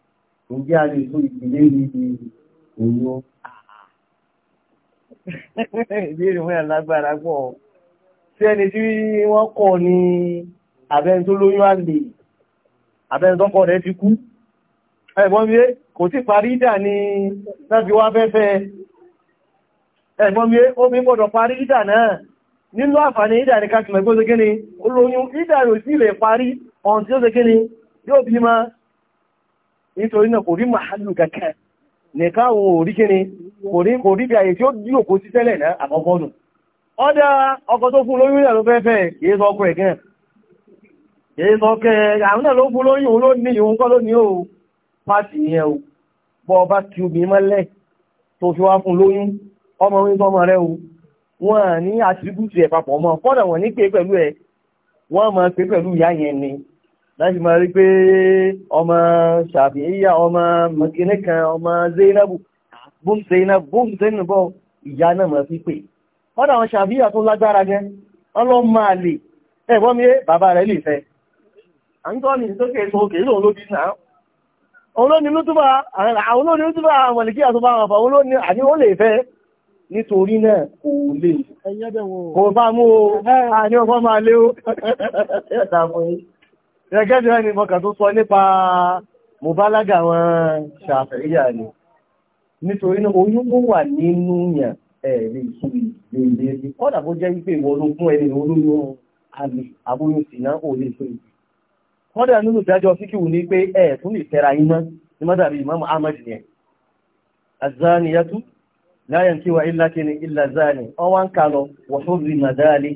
ǹjẹ́ a lè tó ìpìlẹ̀ níbi òyò ìbéèrè mọ́yà lágbára pọ̀ sí ẹni tí wọ́n kọ̀ ní abẹ́ni tó lóyún àlè abẹ́ni tó kọ̀ rẹ̀ ti kú ẹ̀gbọ́n mi kò tí parí ìdà ni láti wá fẹ́fẹ́ ẹ̀gbọ́n mi ó mi gbọ́dọ̀ parí ìdà náà nínú àǹfààní ìdà ní kásìmẹ̀ gbọ́dọ̀ gíní olóyún ìdà rò sí ilẹ̀ parí ọ̀n tí ó ṣe gíní yóò bí máa nítorí náà kò rí màálù kankan nìkan àwọn orí kíni kò rí bí àyè tí ó dí òkú sí tẹ́lẹ̀ náà àkọ́kọ́ nù ọ́dá ọkọ tó fún lóyún náà ló fẹ́fẹ́ kìí sọ ọkọ ẹ̀gẹ́ kìí sọ ọkẹ àwọn náà ló fún lóyún òun ló ní ìhun kọ́ lónìí o pàtì yẹn o bọ́ ọba kí obìnrin mọ́lẹ̀ tó fi wá fún lóyún ọmọ orin tọmọ rẹ o wọ́n ní àtìrìbùtì ẹ̀ papọ̀ mọ́ kọ́dà wọ́n ní pé pẹ̀lú ẹ̀ wọ́n mọ̀ pé pẹ̀lú ìyá yẹn ni láti máa rí pé ọmọ ṣàfihàn ọmọ mọ̀kínní kan ọmọ zainabu bóun zainabu bóun zainabu ìyá náà mọ̀ fi pè ọ̀dọ̀ àwọn ṣàfihàn tó lágbára gan ọlọ́mọ àlè ẹ̀gbọ́n mi bàbá rẹ̀ lè fẹ́ àńtọ́ni sókè sókè lóun ló bí náà olóòní lútúbà àwọn olóòní lútúbà mọ̀lìkí àtúbà àwọn àfà olóòní àní ó lè fẹ́ nítorí náà kò lè kò bá mú o àní ọgbọ́n máa lé o ẹgẹ́ bí wọ́n ni mọ́kà tó sọ nípa mọ̀bálágà wọn ṣàfẹ́yà ni nítorí náà oyún ló wà nínú yàn ẹ̀rẹ́ ìṣúlẹ̀ èdè kọ́dà bó jẹ́ wípé ìwọ ló fún ẹni olóyún àmì aboyún sì náà ò lè so ìdí kọ́dà nínú ìdájọ́ síkìwù ni pé ẹ̀ tún lè tẹ́ra yín mọ́ ní mọ́tàbí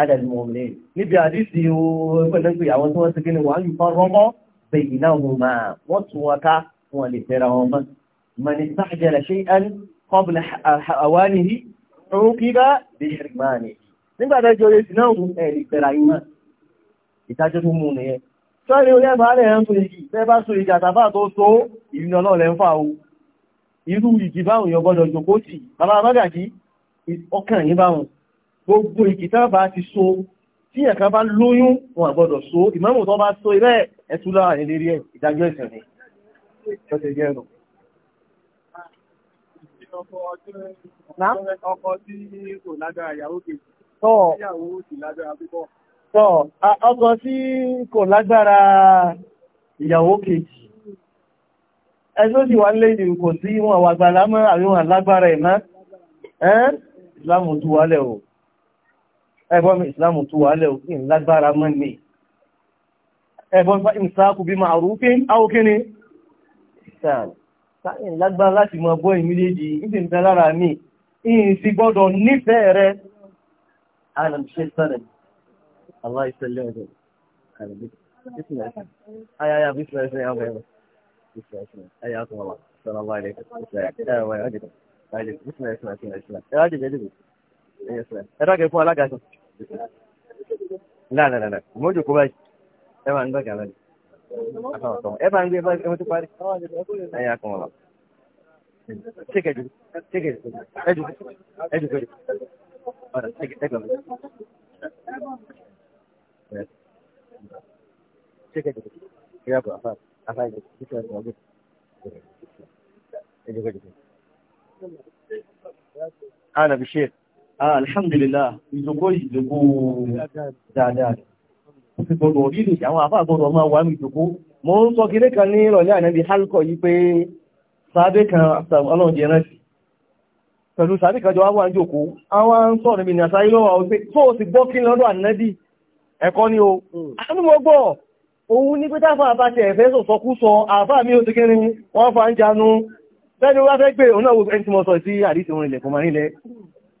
alẹ́lùmọ̀mí níbi àdísì pẹ̀lẹ́gbẹ̀ àwọn tí wọ́n ti gínú wọ́n yùfọ́ rọ́mọ́ bẹ̀yì náà wọ́n máa wọ́n tún wọ́n ká wọ́n lè fẹ́ra wọn mọ́ mọ̀ní sáàjẹ̀lẹ̀ ṣe ẹn kọ́bùlẹ̀ àwánihì rúkíbá bí ṣẹ̀rìmánì nígbàtà jọ lè sinà òun ẹ̀ fẹ́ra yín mọ́ ìtajọ́ tó mú nìyẹn sọ́ọ̀rì olè bá lẹ̀ ń so igi bẹ́ẹ̀ bá so igi àtàfà tó so ìrìn ọlọ́ọ̀lẹ́ ń fà o irú ìjì báwọn gbọ́dọ̀ jòkó sí bàbá bàgàjì ọkàn yín báwọn gbogbo ìkìtà bá ti so tí ẹ̀ka bá lóyún wọn àgbọ́dọ̀ so ìmáàmù tó bá so ibẹ̀ ẹ̀túlá ìlérí ẹ̀ ìdájọ́ ẹ̀sẹ̀ ni ṣọ́tẹ̀ jẹ́ ẹ̀rọ ọkọ tí kò lágbára ìyàwó kejì ìyàwó sì lágbára púpọ̀ tọ́ ọkọ tí kò lágbára ìyàwó kejì ẹjọ́ sì wá lè kò sí wọn àwàgbà lámọ́ àríwọ̀n lágbára ẹ̀ má ẹ́ ìsìlámù tó wálẹ̀ o ẹgbọ́n mi ìsìláàmù tó wà lẹ́ òfin lágbára mọ́ ní ẹgbọ́n fa ìmìsáàkù bí máa rúfin áwókíní sáàrùn lágbára láti mọ bọ́ ìmìlẹ́jì ìdí ìfẹ́ lára mi ìyìn sí gbọ́dọ̀ nífẹ̀ẹ́ rẹ Ẹ̀rọ àjẹjẹ́ dìbò. Ẹ̀rọ àjẹjẹ́ fún alága ṣe. না না না না mojo ko bai e ma ndo kana afa to e ba ngbe ba e mo tu pari e ya ko ma Take it, take it, educate, educate. All right, take it, take it. Yes. Take it, yeah, bro. Afar, afar, take it, take it. Educate. أنا بشير Ah, alhamdulillah ìjòkó ìjòkó dáadáa gbogbo orílẹ̀ àwọn àfáà gbogbo ọmọ wa ní ìjòkó mo ń sọ kéré kan ní ìrọ̀lẹ́ ànábi halkọ̀ yí pé sáábé kan ọlọ́run jẹ rántí pẹ̀lú sáábé kan jọ wá wà ń jòkó àwọn ń sọ̀rọ̀ mi ní àsáyé lọ́wọ́ àwọn pé tó o sì gbọ́ kí lọ́dọ̀ ànábi ẹ̀kọ́ ni o àánú mo gbọ́ òun ní pé táfà àbáṣẹ ẹ̀fẹ́ sọ̀sọ́kú sọ àfáà mi ò ti kéré wọ́n fa ń ni wọ́n fẹ́ gbé òun náà wo ẹni tí mo sọ sí àdísì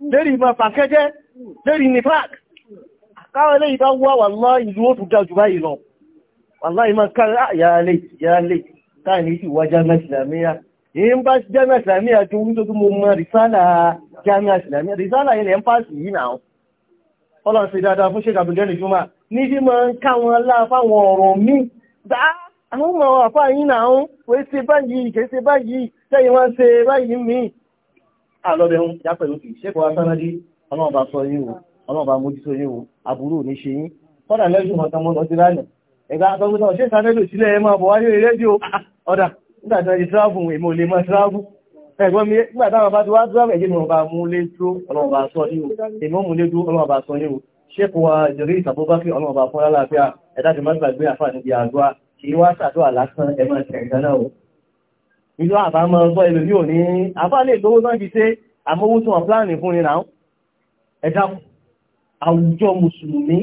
lérí ìmọ̀ pàkẹ́jẹ́ lérí ní park káwọn ilé ìbá wà wà lọ ìlú ó tún dájú báyìí lọ wàlá ìmọ̀ káàrí àyàlẹ̀ ìyàlẹ̀ káàrí ìwà jami'a islamiyya èyí ń bá jami'a islamiyya tó ń tó mọ́ mọ́ rìsálà jami'a islamiyya rìsálà ilẹ̀ ń pàṣì yìí náà ọlọ́run sí dáadáa fún ṣéka bìlẹ̀ ní jùmọ́ ní sí mọ́ ń káwọn láfáwọn ọ̀rọ̀ mi dá àwọn ọmọ àfáà yìí náà wọ́n ṣe báyìí àlọ́bẹ̀ ń já pẹ̀lú kì í ṣe kọ́ asánádí ọlọ́ọ̀bá sọ yín o ọlọ́ọ̀bá mójútó yín o àbúrò ní ṣe yín kọ́dà lẹ́yìn ọ̀tàn mọ́ lọ́sí lánàá ẹ̀gá àtọ́gbọ́n ṣe sáré lò sílẹ̀ ẹ máa bọ̀ wáyé rédíò ọ̀dà nígbà tí wọ́n ti tíráàbù èmi ò lè máa tíráàbù ẹ̀gbọ́n mi nígbà táwọn bá ti wá tíráàbù ẹ̀jẹ̀ mi ọba mú lé dúró ọlọ́ọ̀bá sọ ní o èmi ò mú lé dúró ọlọ́ọ̀bá sọ ní o ṣékù wa jẹ̀rí ìtàbóbákì ọlọ́ọ̀bá fún lálàáfíà ẹ̀dá ti má gbàgbé àfà níbi àdúrà kì í wá sàdúrà ìlú àbámọ́ ọgbọ́ ìlú yóò ní àbá lè lówó náà fi ṣe àmówó tí wọ́n pláàni fún nínú ẹ̀dá àwùjọ mùsùlùmí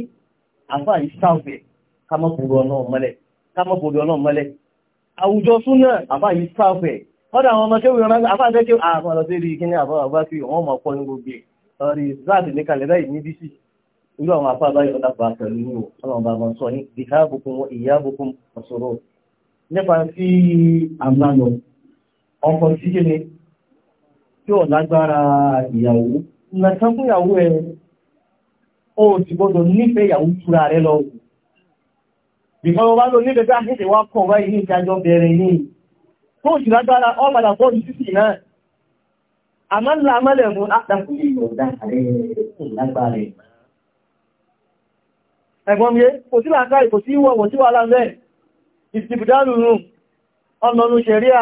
àbá ìsáwẹ̀ kámọ́kùnrin ọlọ́run mọ́lẹ̀ àwùjọ súnà àbá ìsáwẹ̀ kọ́dà àwọn ọmọ kéwì ọmọ àbá àjẹ́kẹ́ àwọn ọ̀lọ́sẹ̀ rí kí ní àbá àbá sí wọ́n mọ̀ pọ̀ ní gbogbo ọ̀rí záàdì ní kàlẹ́dà yìí níbi sí irú àwọn afá báyọ̀ lápá pẹ̀lú ní ọlọ́run bá wọn sọ ní ìhàbùkún ìyàbùkún ọ̀sọ̀rọ̀ nípa sí àbálọ̀ ọkọ tí tí ó lágbára ìyàwó nǹkan fún ìyàwó ẹ o ti gbọdọ̀ nífẹ̀ẹ́ ìyàwó fúra rẹ lọ bìkan bá ló nífẹ̀ẹ́ tí a ṣẹ̀ṣẹ̀ wá kọ̀ wáyé ní bẹ̀rẹ̀ ní tó sì lágbára ọmọdà bọ́ọ̀lù títì náà ah, ọ̀nà ṣẹ̀ríà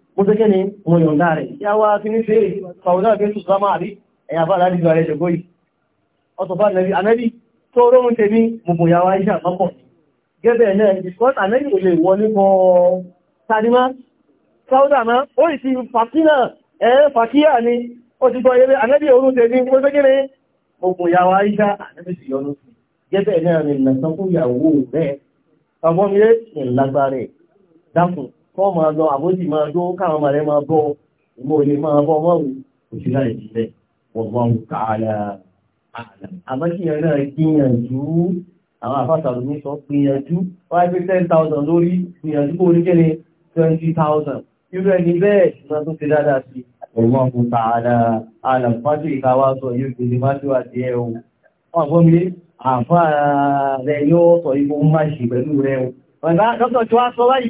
mo tẹ́kẹ́ ni mo yọ̀nda rẹ̀ yáwá kí ní fèrè fàúdá fẹ́ tùsùlá máa rí ẹ̀yà bá láti gbà rẹ̀ ṣẹ̀gbọ́ yìí ọ̀tọ̀fà nẹ́bí anẹ́bí tó róhun tèmi mo bò yàwá iṣẹ́ àpapọ̀ gẹ́bẹ̀ náà because anẹ́bí ò lè wọlé kọ tàdímá fàúdá má ó ni ó ti gbọ́ yẹ́bẹ̀ anẹ́bí òórùn tèmi mo tẹ́kẹ́ ni mo bò yàwá iṣẹ́ anẹ́bí ni ìlànà fún ìyàwó rẹ̀ ọmọ mi rẹ̀ ìlágbá rẹ̀ dákùn kọ́ máa lọ àbójì máa dó káwọn ọmọ rẹ̀ máa bọ́ ìmọ̀ òye máa bọ́ mọ́rù òṣìlá ìdílé wọ́n bọ́ ń ka ara àbáṣíyàn náà gbìyànjú àwọn àfáàtàlù ní sọ gbìyànjú wáyé pé ten thousand lórí gbìyànjú kó oníkẹ́ ni twenty thousand irú ẹni bẹ́ẹ̀ ṣùgbọ́n tó ti dáadáa sí ọ̀gbọ́n kò ta ara alàfáàtì ìkáwá sọ yóò gbèdé má tó àdìẹ o wọ́n gbọ́n mi àfáà rẹ̀ yóò sọ ibo má ṣe pẹ̀lú rẹ̀ o. ọ̀gá dókítà tí wàá sọ báyìí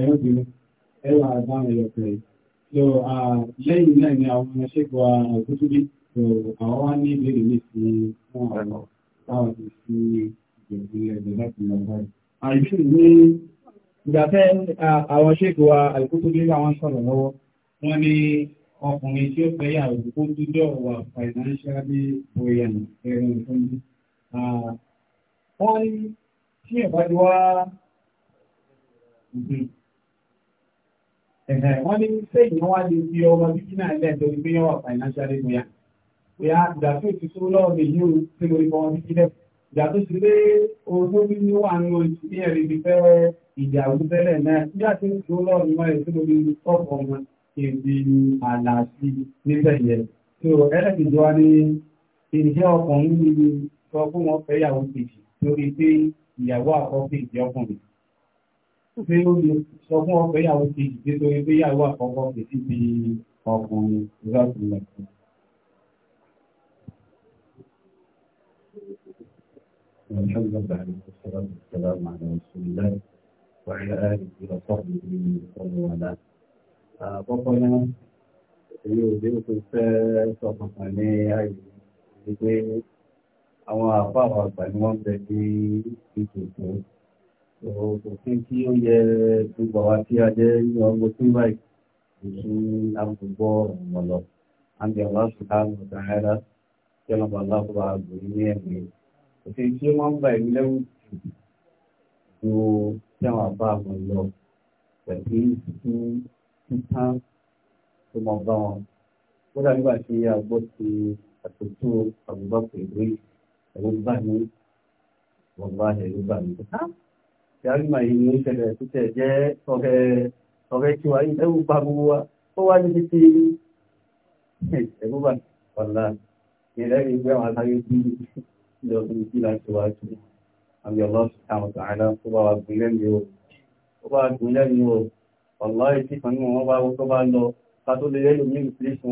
ẹ̀rọ bínú ẹwà àbáwọn ẹ̀yọ̀kọ̀ rẹ̀ so lẹ́yìn náà ni àwọn ọmọ ṣẹ́gun àgùtúbí so àwọn wá ní ìbéèrè mi sí fún àwọn táwọn ti sí ìgbìyànjú ẹgbẹ́ láti lọ báyìí. àìbílẹ̀ ní ìgbà tẹ́ àwọn ṣẹ́gun àgùtúbí àwọn sọ̀rọ̀ lọ́wọ́ wọ́n ní ọkùnrin tí ó fẹ́ yàwó kó dúdọ̀ wà financially buoyant ẹ̀rọ nǹkan bí. wọ́n ní tí ẹ̀bá ti wá wọ́n ní sẹ́yìn wá lè fi ọmọ bíbí náà lẹ́ torí pé yọ́wọ́ financially bóyá bóyá ìgbà tó ti tó lọ́wọ́ lè yí o tí mo rí ọmọ bíbí lẹ́ ìgbà tó ti lé owó bí ní wà ní oṣù ní ẹ̀rí ti fẹ́ ìyàwó tẹ́lẹ̀ náà nígbà tó ti tó lọ́wọ́ ní wáyé tí mo rí ọ̀pọ̀ ọmọ kì àlà sí níbẹ̀ yẹn tó ẹlẹ́kìjọ wa ní ìjẹ́ ọkùnrin pé ó lè sọ fún ọkọ̀ ìyàwó ti ìgbé tó ẹgbẹ́ ìyàwó àkọ́kọ́ kì sí bí ọkùnrin ìrọ̀sílẹ̀. الحمد لله Àkọ́kọ́ náà, èyí ò dé tó fẹ́ sọ kankan ní ààyè wípé àwọn àfáà àgbà ni wọ́n bẹ ní ìtòkó kò sí kí ó yẹ gbogbo àwa tí a jẹ́ ní ọgbọ́n tí báyìí kò sí àgbègbọ́ ọ̀rọ̀ lọ. àǹdí ọ̀la sùkárù ọ̀tà ẹ̀rá kí ọlọ́ba aláfọwọ́ àgbò ní ẹ̀mí. kò sí kí ó máa ń bà ẹ̀mí lẹ́rù jù ju tí àwọn àbá àwọn lọ pẹ̀lú fún títán tó máa bá wọn. kódà nígbà tí a gbọ́ ti àtúntò àbúgbà pẹ̀lú ẹ̀rọ bá wọ́n bá ẹ̀rọ bá yàrìmà ìlú ìṣẹ̀lẹ̀ títẹ̀ jẹ́ ọ̀rẹ́ tí wà ní ẹwù pa gbogbo wa ó wá níbi tí ẹgbùgbà ọ̀la ìrẹ́rìn ìgbẹ́ àwọn aláyé tí lọ sí ibi láti wá sí àmì ọlọ́sùn àwọn tààlà tó bá wà gùn lẹ́nu o ó bá gùn lẹ́nu o ọ̀la ìtì kan nínú wọn bá wọ́n ní ìpìlẹ̀ṣì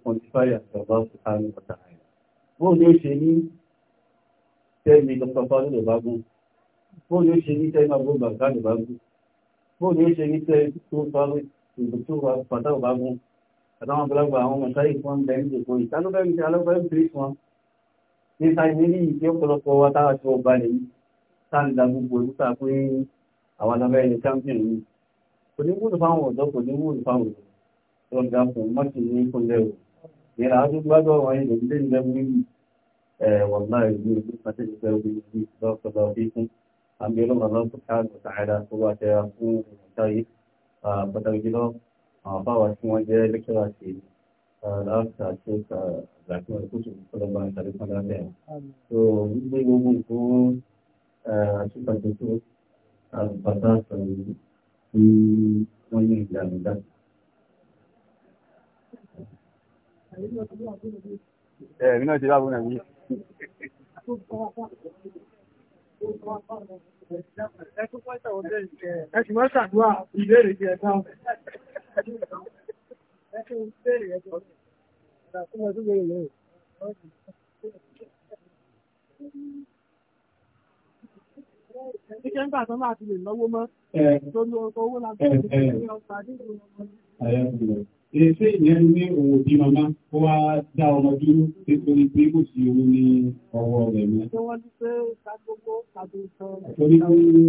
wọn máa bóò ni ó ṣe ní tẹ́mi lọ́pàá lọ́dọ̀ bá gún bóò ni ó ṣe ní tẹ́mi agbóhùn bàbá lọ́dọ̀ bá gún bóò ni ó ṣe ní tẹ́mi tó bá tó pàtà bá gún àtàwọn ọ̀pọ̀lọpọ̀ àwọn mọ̀sáì fún ọmọ ẹni tó kọrin tálọ́fẹ́ mi tálọ́fẹ́ ń pè fún ní sáyẹn ní ìdí ọ̀pọ̀lọpọ̀ wa táwa tí wọ́n bá lè yí sáàlìdá gbogbo ìrúta pé àwọn alábẹ́ ẹni champion ni kò ní wúlò fáwọn ọ̀dọ́ kò ní wúlò fáwọn ọ̀dọ́ ọ̀gá fún mọ́tì ní ìpínlẹ̀ o ìyẹn làwọn tó gbádùn والله يقول ما تجد ويقول بارك الله فيكم أم يلوم الله سبحانه وتعالى هو تيقوم ومتايف فتنجلو أعطاوا شما جاء لكراتي الأرث أشوف لكن الكتب صلى الله عليه وسلم so we will move on أشوف الكتب البطاطا في وين يجعل ذلك Eh, mi náà ti dábò náà wí. Ẹ ti wọ́n ṣàdúrà ìbéèrè ti ẹ̀dá Ìṣẹ́ ń gbà láti lè náwó mọ́. Tó ní owó láti lè náwó Ẹ̀ṣẹ́ ìyẹn ní òun òbí màmá, ó wá dá ọmọ dúró nítorí pé kò sí owó ní ọwọ́ rẹ̀ mọ́. Ṣé wọ́n ti pé ká gbogbo àti ìṣọ́? Torí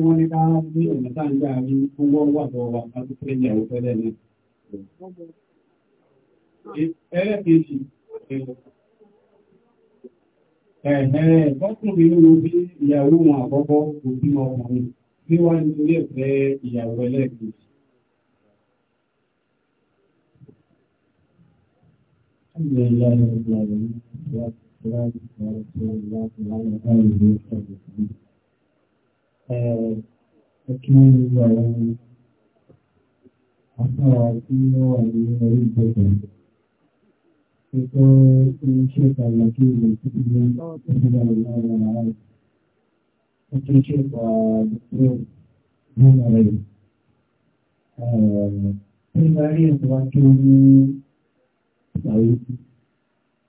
wọ́n ní ká ní ọ̀nà tá ń gbà rí owó wà lọ́wọ́ wa, ká tó fẹ́ ìyàwó fẹ́lẹ̀ náà. Ẹlẹ́kẹ̀ẹ́sì, ẹ̀ẹ̀ẹ̀ bọ́kùnrin ló bí ìyàwó wọn àkọ́kọ́ òbí ọkùnrin, bí wọ́n ní ilé ìfẹ́ ìyàwó ẹlẹ́kẹ̀ẹ́sì. الحمد لله رب العالمين والسلام على رسول الله وعلى آله وصحبه أجمعين. أكمل اليوم أخواتي وأبي وجدتي يقول شيخ الوكيل الكبير رحمه الله تعالى يقول شيخ الدكتور محمد علي. في مريض وكيل ìsàwé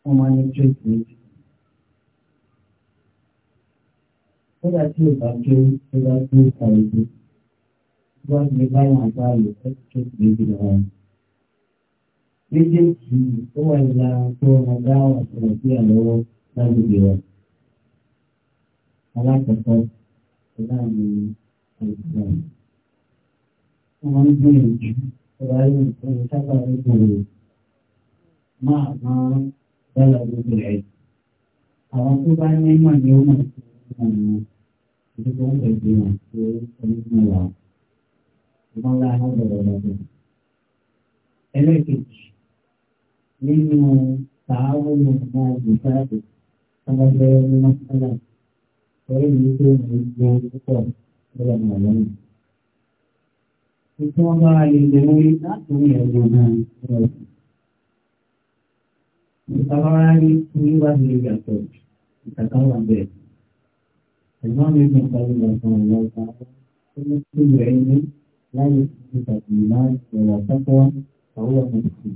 wọ́n máa ń ní tírèkì méjì. kódà tí o bá jó tó bá tó ìsàwé tó bá gbé báyìí àgbà lò fẹ́ tírèkì méjì lọ́wọ́ méjèèjì ó wà ní tó ọmọ dáhùn àtọ̀rọ̀ sí àlọ́wọ́ lágbègbè rẹ̀. alákọ̀ọ́kọ́ ọ̀la ni àìsàn wọn ń gbìyànjú ọ̀la yóò sábà ń gbòòrò máa kan bẹ́ẹ̀ gbogbo rẹ̀. Àwọn tó bá ní mọ̀ ni ó mọ̀ sí wọn ní ìdí tó ń bẹ̀ bí wọn ṣe onímọ̀ wa. Ìmọ̀ ńlá lọ́dọ̀ lọ́dọ̀. Ẹlẹ́kejì nínú sàáwó ni mo gbé jáde ọmọ ní Mọ́sálà. Ẹ̀rí mi tó ń gbé púpọ̀ lọ́wọ́ mi lọ́wọ́. Ìtọ́ bá lè lè rí láti ní ẹ̀rọ náà ní ọ̀sán ìtàwọn ní wà ní ìyàtọ̀ bẹ́ẹ̀. ẹ̀gbọ́n mi ní ìtàwọn ìyàtọ̀ ìyàtọ̀ tó ní kí rẹ̀ ní láyé ìtàkùn náà ìrọ̀lá sọ́kọ́ àwọn ọmọ ìsìn.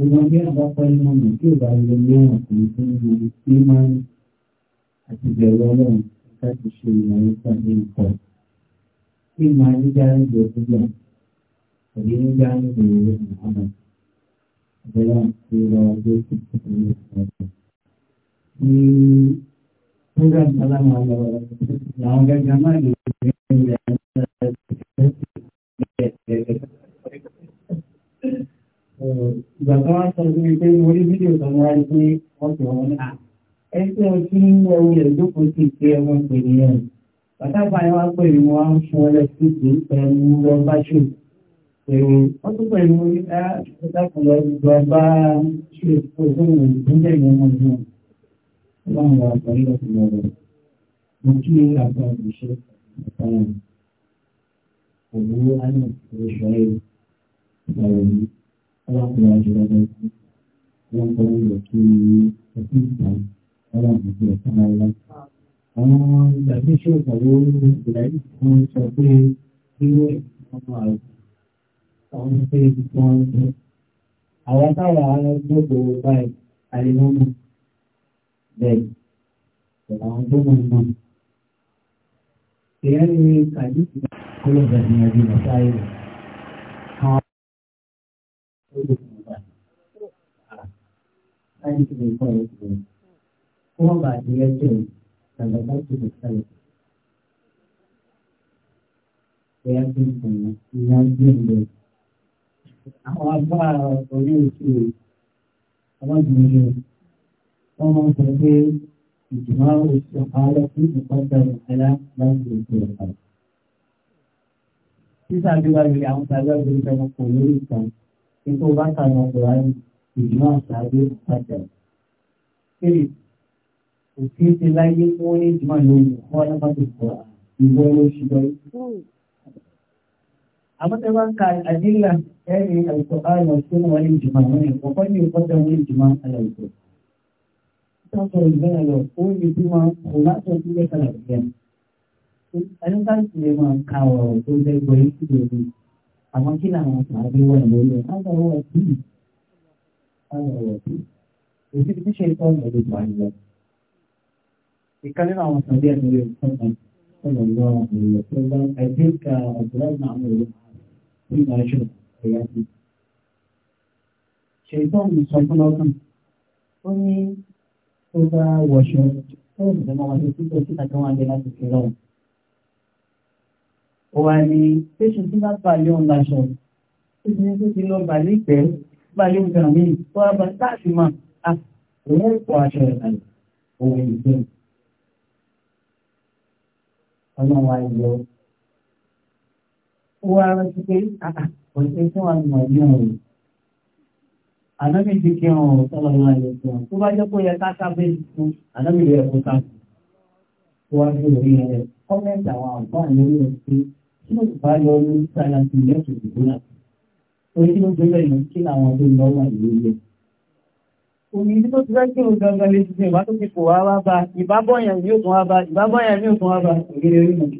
ìgbọ́n bí àbá pẹ́lú mọ́nà tí ò bá lè ní ọkùnrin tó ń lo ìmánì àti ìbẹ̀rù ọlọ́run láti ṣe ìyàwó pàdé nǹkan. ìmọ̀ àyíká ń jẹ́ ọdún náà òye ń gbá nínú ìwé bóyá ìrọ̀ ọjọ́ ìpínlẹ̀ ọ̀sẹ̀. Ní program sálámà lọ, làwọn gẹ́gẹ́ máa lè fi ilẹ̀ ìgbà tó wá sọ sí pé mo rí fídíò tó wá rí pé wọ́n ti wọ́n ní à ẹgbẹ́ ọtí èrò wọ́n tó pẹ̀lú ìdákùnlọ ìgbà bá ṣe òfin ìpínlẹ̀ ìyẹn wọn náà láwọn ọ̀rọ̀ àgbáyé ọ̀sìn ọ̀rọ̀ mo kí àgbà ìṣe ìpààyàn pẹ̀lú àná ìṣòro ìgbàlẹ̀ yìí ọlọ́kùnrin àjọyọ̀ lọ́sí wọ́n kọ́ ìlọ kí àwọn ṣe ìtàn ọ̀dọ́. Àwọn táwọn ará gbọ́dọ̀ báyìí àlèmọ́mọ́ bẹ́ẹ̀ àwọn tó mọ̀ mọ́. Èèyàn ní kàdíkì kólọ́gbà ní ẹbí lọ́sà ìlú. Àwọn Thank you. Wọ́n bá ti ẹjọ́ ìtàgbàgbà tó lè sáré. Ẹ̀yà tó ń sọ̀rọ̀ ìyá gbé ń àwọn agbára orí oṣù ọlọ́dúnrún wọ́n máa ń sọ pé ìjùmọ̀ oṣù àárẹ̀ fún ìpọ́njẹ́ ìpẹ́lá láti oṣù ọ̀pá. Títà bí wá lórí àwọn tàbí ọ̀gbìn ìfẹ́ kò lórí ìtàn kí tó bá ta àwọn ọ̀gbìn ráyè ìjùmọ̀ àṣàbí ìpàdé. Kéré òfin ti láyé fún ní ìjùmọ̀ lórí ọ̀pọ̀ alábàtì ìwọ lóṣù lọ́yìn àmọ́tẹ́ bá ń ka àdílà ẹ̀rí àìsọ̀ ààrẹ ọ̀sán wọn ní ìjùmọ̀ àwọn ìkọ̀kọ́ ní ìkọ́tẹ̀ wọn ní ìjùmọ̀ àlàìsọ̀. Ìtàkùn ìgbẹ́rẹ̀ lọ, ó ní bí wọn kò látọ̀ sí lẹ́kàlà ìgbẹ́. Ẹni bá sì lè máa ka ọ̀rọ̀ tó jẹ́ gbọ́ etí lòdì. Àmọ́ kí làwọn sàábé wà lórí ẹ̀? Àwọn ọ̀rọ̀ ọ̀sìn. Àwọn ọ̀rọ̀ ọ̀sìn. Èsì ti ṣe ìtọ́ ìlú ìgbàlejò. Ìkan bí máa ṣe ẹ̀yà sí. ṣètò ìṣàkóso ọkàn ó ní tó bá wọṣọ tó ń bẹ̀rẹ̀ máa ṣe títọ́ síta tó wà ní láti fi lọ́wọ́. ó wá ní tẹ̀sán tí bá bá yóò ń laṣọ tó ti ní tó ti lọ bà lẹ́gbẹ̀ẹ́ bá yóò ń gbẹ̀rẹ̀ míì tó wá bá táàsì máa a òun kọ aṣọ ó wá rántí pé kò ṣe tí wọ́n mọ̀ ní ọ̀rọ̀. Ànábì ti kí ọ̀rọ̀ sọ́lọ́ ní ayé fún ọ. Tó bá jẹ́ kó yẹ ká sábẹ́ fún ànábì rẹ̀ kó ká fún. Ó wá sí orí rẹ̀ kọ́mẹ́ntì àwọn àǹfààní lórí rẹ̀ pé kí ló bá yọ ní sáyà sí ilé ẹ̀sùn ìdìbò náà. Orí kí ló gbé bẹ́ẹ̀ ní kí làwọn tó lọ wà ìlú ilé. Omi ibi tó ti fẹ́ kí òun gangan lè ṣiṣẹ́ ìbá tó wá bá ìbábọ̀yàn ní òkun wá bá ìbábọ̀yàn ní òkun wá bá ògèrè orí mọ̀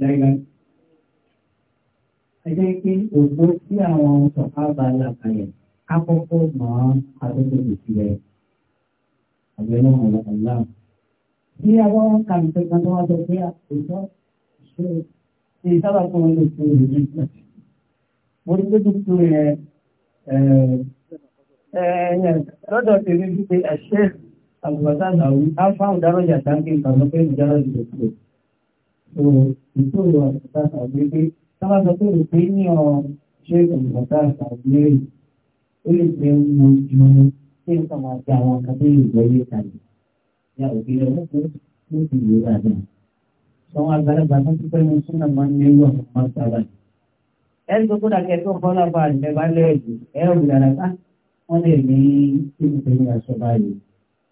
ẹgbẹ́ pé ògbó tí àwọn ọ̀pá bá làkàyẹ̀ akọ́kọ́ máa adókòtò sílẹ̀ àgbẹ̀lọ́ ọ̀làlá. Bí àwọn kàǹtẹ̀ kan tó wá sọ pé àkójọ ṣe ṣe sábà fún wọn lóṣù rẹ̀ nígbà tí. Mo rí pé dúkú rẹ̀ lọ́dọ̀ tèmi bí pé àṣẹ àbùbàtà làwù áfà ìdáròjà sáńkì kan lọ́pẹ́ ìdáròjà tó. So ìṣòro àbùbàtà làwù pé Tọ́lá sọ pé òpé ní ọ̀rọ̀ ṣé ìgbàgbà ìgbàgbére ó lè jẹ́ ohun ju ṣé ń sọ̀rọ̀ àti àwọn akadé ìgbẹ́lẹ̀ tàbí ìyá òbí rẹ̀ wọ́n kó ló ti yé dáadáa. Àwọn àgbàlagbà tó ti pẹ́ ní súnà máa ń léwu àwọn ọmọ sábà. Ẹni tó kó dàkẹ́ tó bọ́lá bá àlẹ́ bá lẹ́ẹ̀dù ẹ̀rọ ìdára ká ah, wọ́n lè ní ìpínlẹ̀ aṣọ báyìí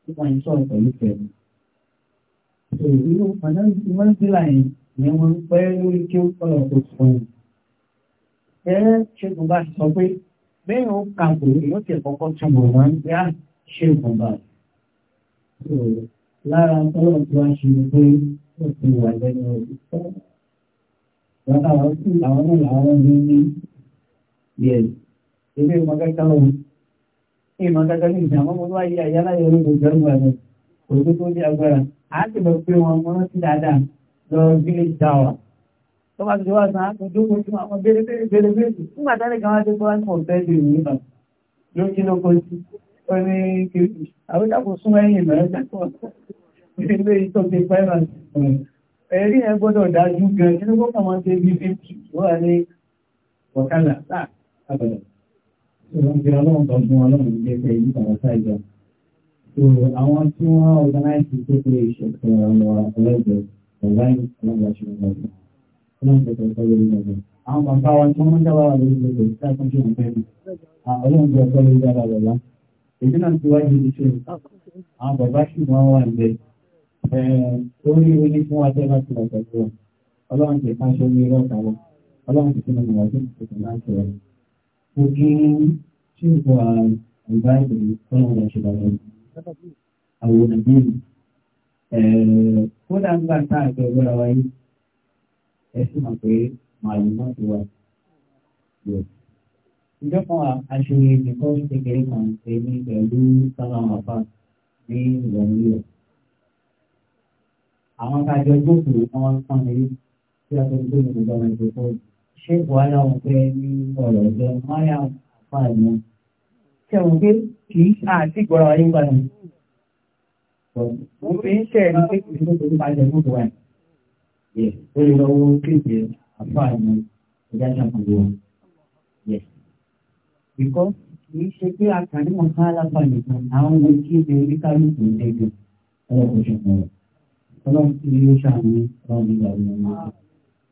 tí wọ́n ń sọ̀rọ̀ pẹ̀lú pẹ̀lú. Ìlú Mọ̀nà ti wọ́n ń sílà yẹn ni wọ́n pẹ́ lórí kí ó kọ́lọ̀ tó sọ̀rọ̀. Ẹ ṣẹ́gun bá sọ pé bẹ́ẹ̀ ó ka yóò tẹ̀ kọ́kọ́ túnbọ̀ wọ́n ń gbá ah, ṣẹ́gun bá. Lára tọ́lọ̀ tí wọ́n ṣe pé ó ti wà lẹ́nu òṣìṣẹ́. Bàbá àwọn tí àwọn náà làwọn ní ní yẹn. Ilé ìmọ̀ lọ. Ìmọ̀ ní ìjà mọ́mọ́ wáyé àyálà yẹn ló gbẹ̀rù wà lọ. Òṣìṣẹ́ tó ní agbára. À lọ pé wọn mọ́ sí dáadáa lọ village tower. Tó bá ti wá sàn án, ojú ojú àwọn bèrè bèrè bèrè bèrè. Nígbà tẹ́lẹ̀ kan wá dé bọ́ ní ọ̀fẹ́ lè rí nà. Ló kí ló kó sí. Ó ní kìrìkì. Àwọn ìjàpọ̀ súnmọ́ ẹ̀yìn mẹ́rin jákọ̀. Ilé ìtọ́ ti pẹ́ náà. Ẹ̀rí ẹ gbọ́dọ̀ dájú gan. Kí ló kọ́ kàn máa ń ṣe bí bíbí? Ó wà ní Wọ̀kálà láà àbẹ̀rẹ̀. Ìrọ̀ǹkì ọlọ́run kan fún ọlọ́run ilé ẹgbẹ́ yìí kan wọ́n sáì Àwọn tí wọ́n organize ìgbésẹ̀ ìṣẹ̀kọ̀ ọ̀rọ̀ Ọ̀gbáyìn ọlọ́gbà ṣe wọ́n lọ́wọ́. Ọlọ́gbà ṣe ọ̀pọ̀ lórí ọ̀gbà. Àwọn bàbá wa tí wọ́n dábàá wà lórí ọ̀gbà tí a tún ṣe ọ̀pẹ́ mi. Ọlọ́gbà ọ̀pọ̀ lórí ọ̀gbà lọ́la. Èmi náà ti wáyé ní ṣe. Àwọn bàbá ṣì wọ́n wà ń bẹ. Orí oní fún wa tẹ́lá ti wọ̀tọ̀ sí wọn. Ọlọ́run ti ká ṣe ní irọ́ kàwọ́. Ọlọ́run ti fún mi wà sí láti rẹ̀. Mo ṣe bàbá mi. Àwọn òbí kódà ń gbà tá àjọ ìgbéra wa yìí ẹ sì mọ̀ pé màlúmọ́ ti wà. ìjọba àṣeyẹ nìkan kékeré kan èmi pẹ̀lú sábà àpá ní ìlọrin rẹ̀. àwọn kájọ jókòó wọn kàn mí tí a tó gbé ìgbà wọn ìgbà tó ṣé wàhálà wọn pé ní ọ̀rọ̀ ìjọ máyà àpá ìmọ̀. kẹwọn pé kì í àti ìgbọràn wáyé ń náà. 我们现在这个都是大家不管，也所以说我自己啊，算我们国家上很多，也。如果你是这样看，我看了话，你看，然后我记得你到底怎那个，我不是我，可能是有啥呢，让你搞的嘛。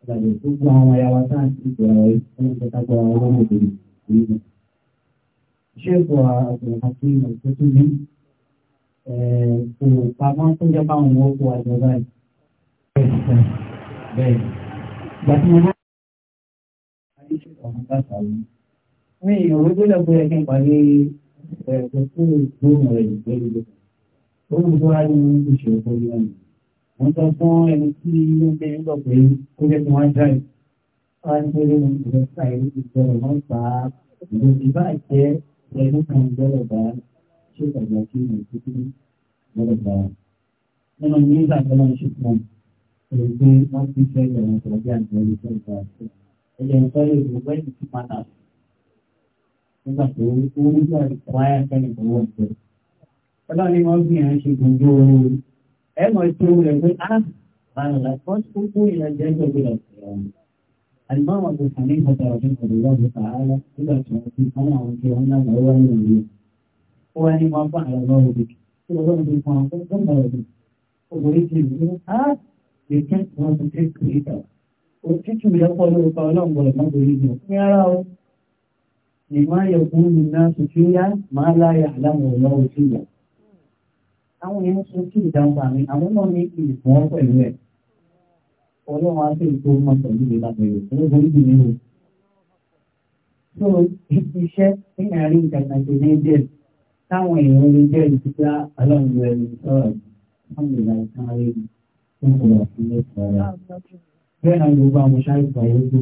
那就不光我要我上几个，可能是大家我们的，嗯。结果我还是有这种。kò pamọ́ tó jẹ́ báwọn owó kó àjọ báyìí. bẹ́ẹ̀ gbàtí mo máa ń ṣe ọ̀hún káàkà yìí. mi ìyàn owó gbọ́dọ̀ pé ẹ̀kẹ́ parí ẹ̀kọ́ tó gbóhùn rẹ̀ lórí lọ. ó ń bọ́ ayé wọn kò ṣe ọkọ yìí lọ́nà. wọ́n sọ fún ẹni tí ó ń gbé nígbà pé ó jẹ́ kí wọ́n dá ẹ̀. wọ́n á ń gbé wọn ìrẹsì àìrí ìjọba wọn pa ìròyìn bá jẹ́ ẹ̀rú kan ìjọba ṣé ìgbàgbọ́ kí ni ìtútù lọ́dọ̀ gbà wọn. wọ́n máa tó máa ń ṣe fún wọn pẹ̀lú pé wọ́n ti fẹ́ lọ wọn bí àgbẹ̀ lè fẹ́ ìgbà tó. ẹ̀jẹ̀ ń sọ́yọ́ ìlú wẹ́ẹ̀dì ti padà nígbà tó ó ń gbà wáyà sẹ́yìn tó wọ́n jẹ. ọlọ́run ni wọ́n fi hàn ṣe gbogbo ẹ̀ mọ̀ tó rẹ̀ pé á àrùn àkọ́sí tó ìrìnàjẹ́ ìjọba المرأة حنيفة رحمه الله تعالى إذا كانت أنا وأنت هنا وهو من ó wá ní wọn bá àwọn ọmọ òbí tí wọn bí wọn kó tó mọ òbí òbí ti rí á lè kí wọn ti tẹ kìrìtà òtítù ìyẹ́pọ̀ ló pa ọlọ́mọbọ̀ ẹ̀mọ́ òbí ni ó ní ara o ní má yẹ fún mi náà tuntun yá má láyà láwọn ọ̀nà òtí yá àwọn yẹn ń sọ sí ìdáhùn àmì àwọn náà ní ìfọwọ́ pẹ̀lú ẹ̀ ọlọ́run á sì tó máa pẹ̀lú ìlànà èrò fún orílẹ̀-èdè nínú. So, iṣẹ́ ní àárín ìdàgbàsókè ní díẹ̀ táwọn èèyàn lè jẹ́ ìdíjá aláwọ̀ ẹni sọ̀rọ̀ fún ìlà ìsáré fún ọ̀rọ̀ ilé ìsọ̀rọ̀. bẹ́ẹ̀ náà gbogbo àwọn ṣáìsà yóò tó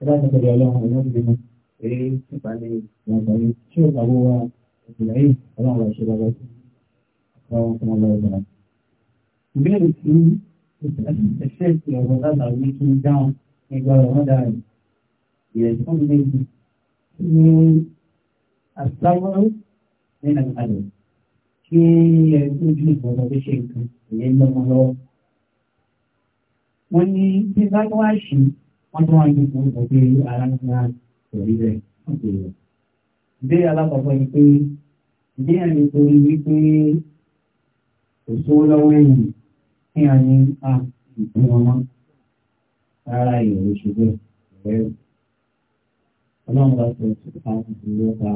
ẹgbẹ́ àtàkùnrin ọlọ́run ọlọ́run bímọ èyí tí balẹ̀ ìgbàgbọ́ tí ó gbàgbọ́ wa ìpìlẹ̀ yìí ọlọ́run rẹ̀ ṣe bàbá sí ọlọ́run fún ọlọ́run bàbá. ìbéèrè tí ẹsẹ̀ ti ọ̀rọ̀ dáadáa ní kí n dáhùn nígbà ọ̀rọ̀ dáa ìrẹsì fún mi ní nínú àlọ́ kí ẹ tójú ìbọ̀lọ́ tó ṣe nǹkan ìyẹn lọ́mọ lọ́wọ́. wọ́n ní bí bá wá ṣe wọ́n tún wá yín fún òbí ara ńlá òrí rẹ̀ ọ̀gbìn. ìbéèrè alákọ̀ọ́kọ́ ni pé ìbéèrè ni torí wípé kò sówó lọ́wọ́ ẹ̀yìn kí a ní a ìpín ọmọ rárá ìròyìn ṣùgbọ́n ìrẹ́rù. ọlọ́run bá sọ ìtúkà ìlú ọ̀tá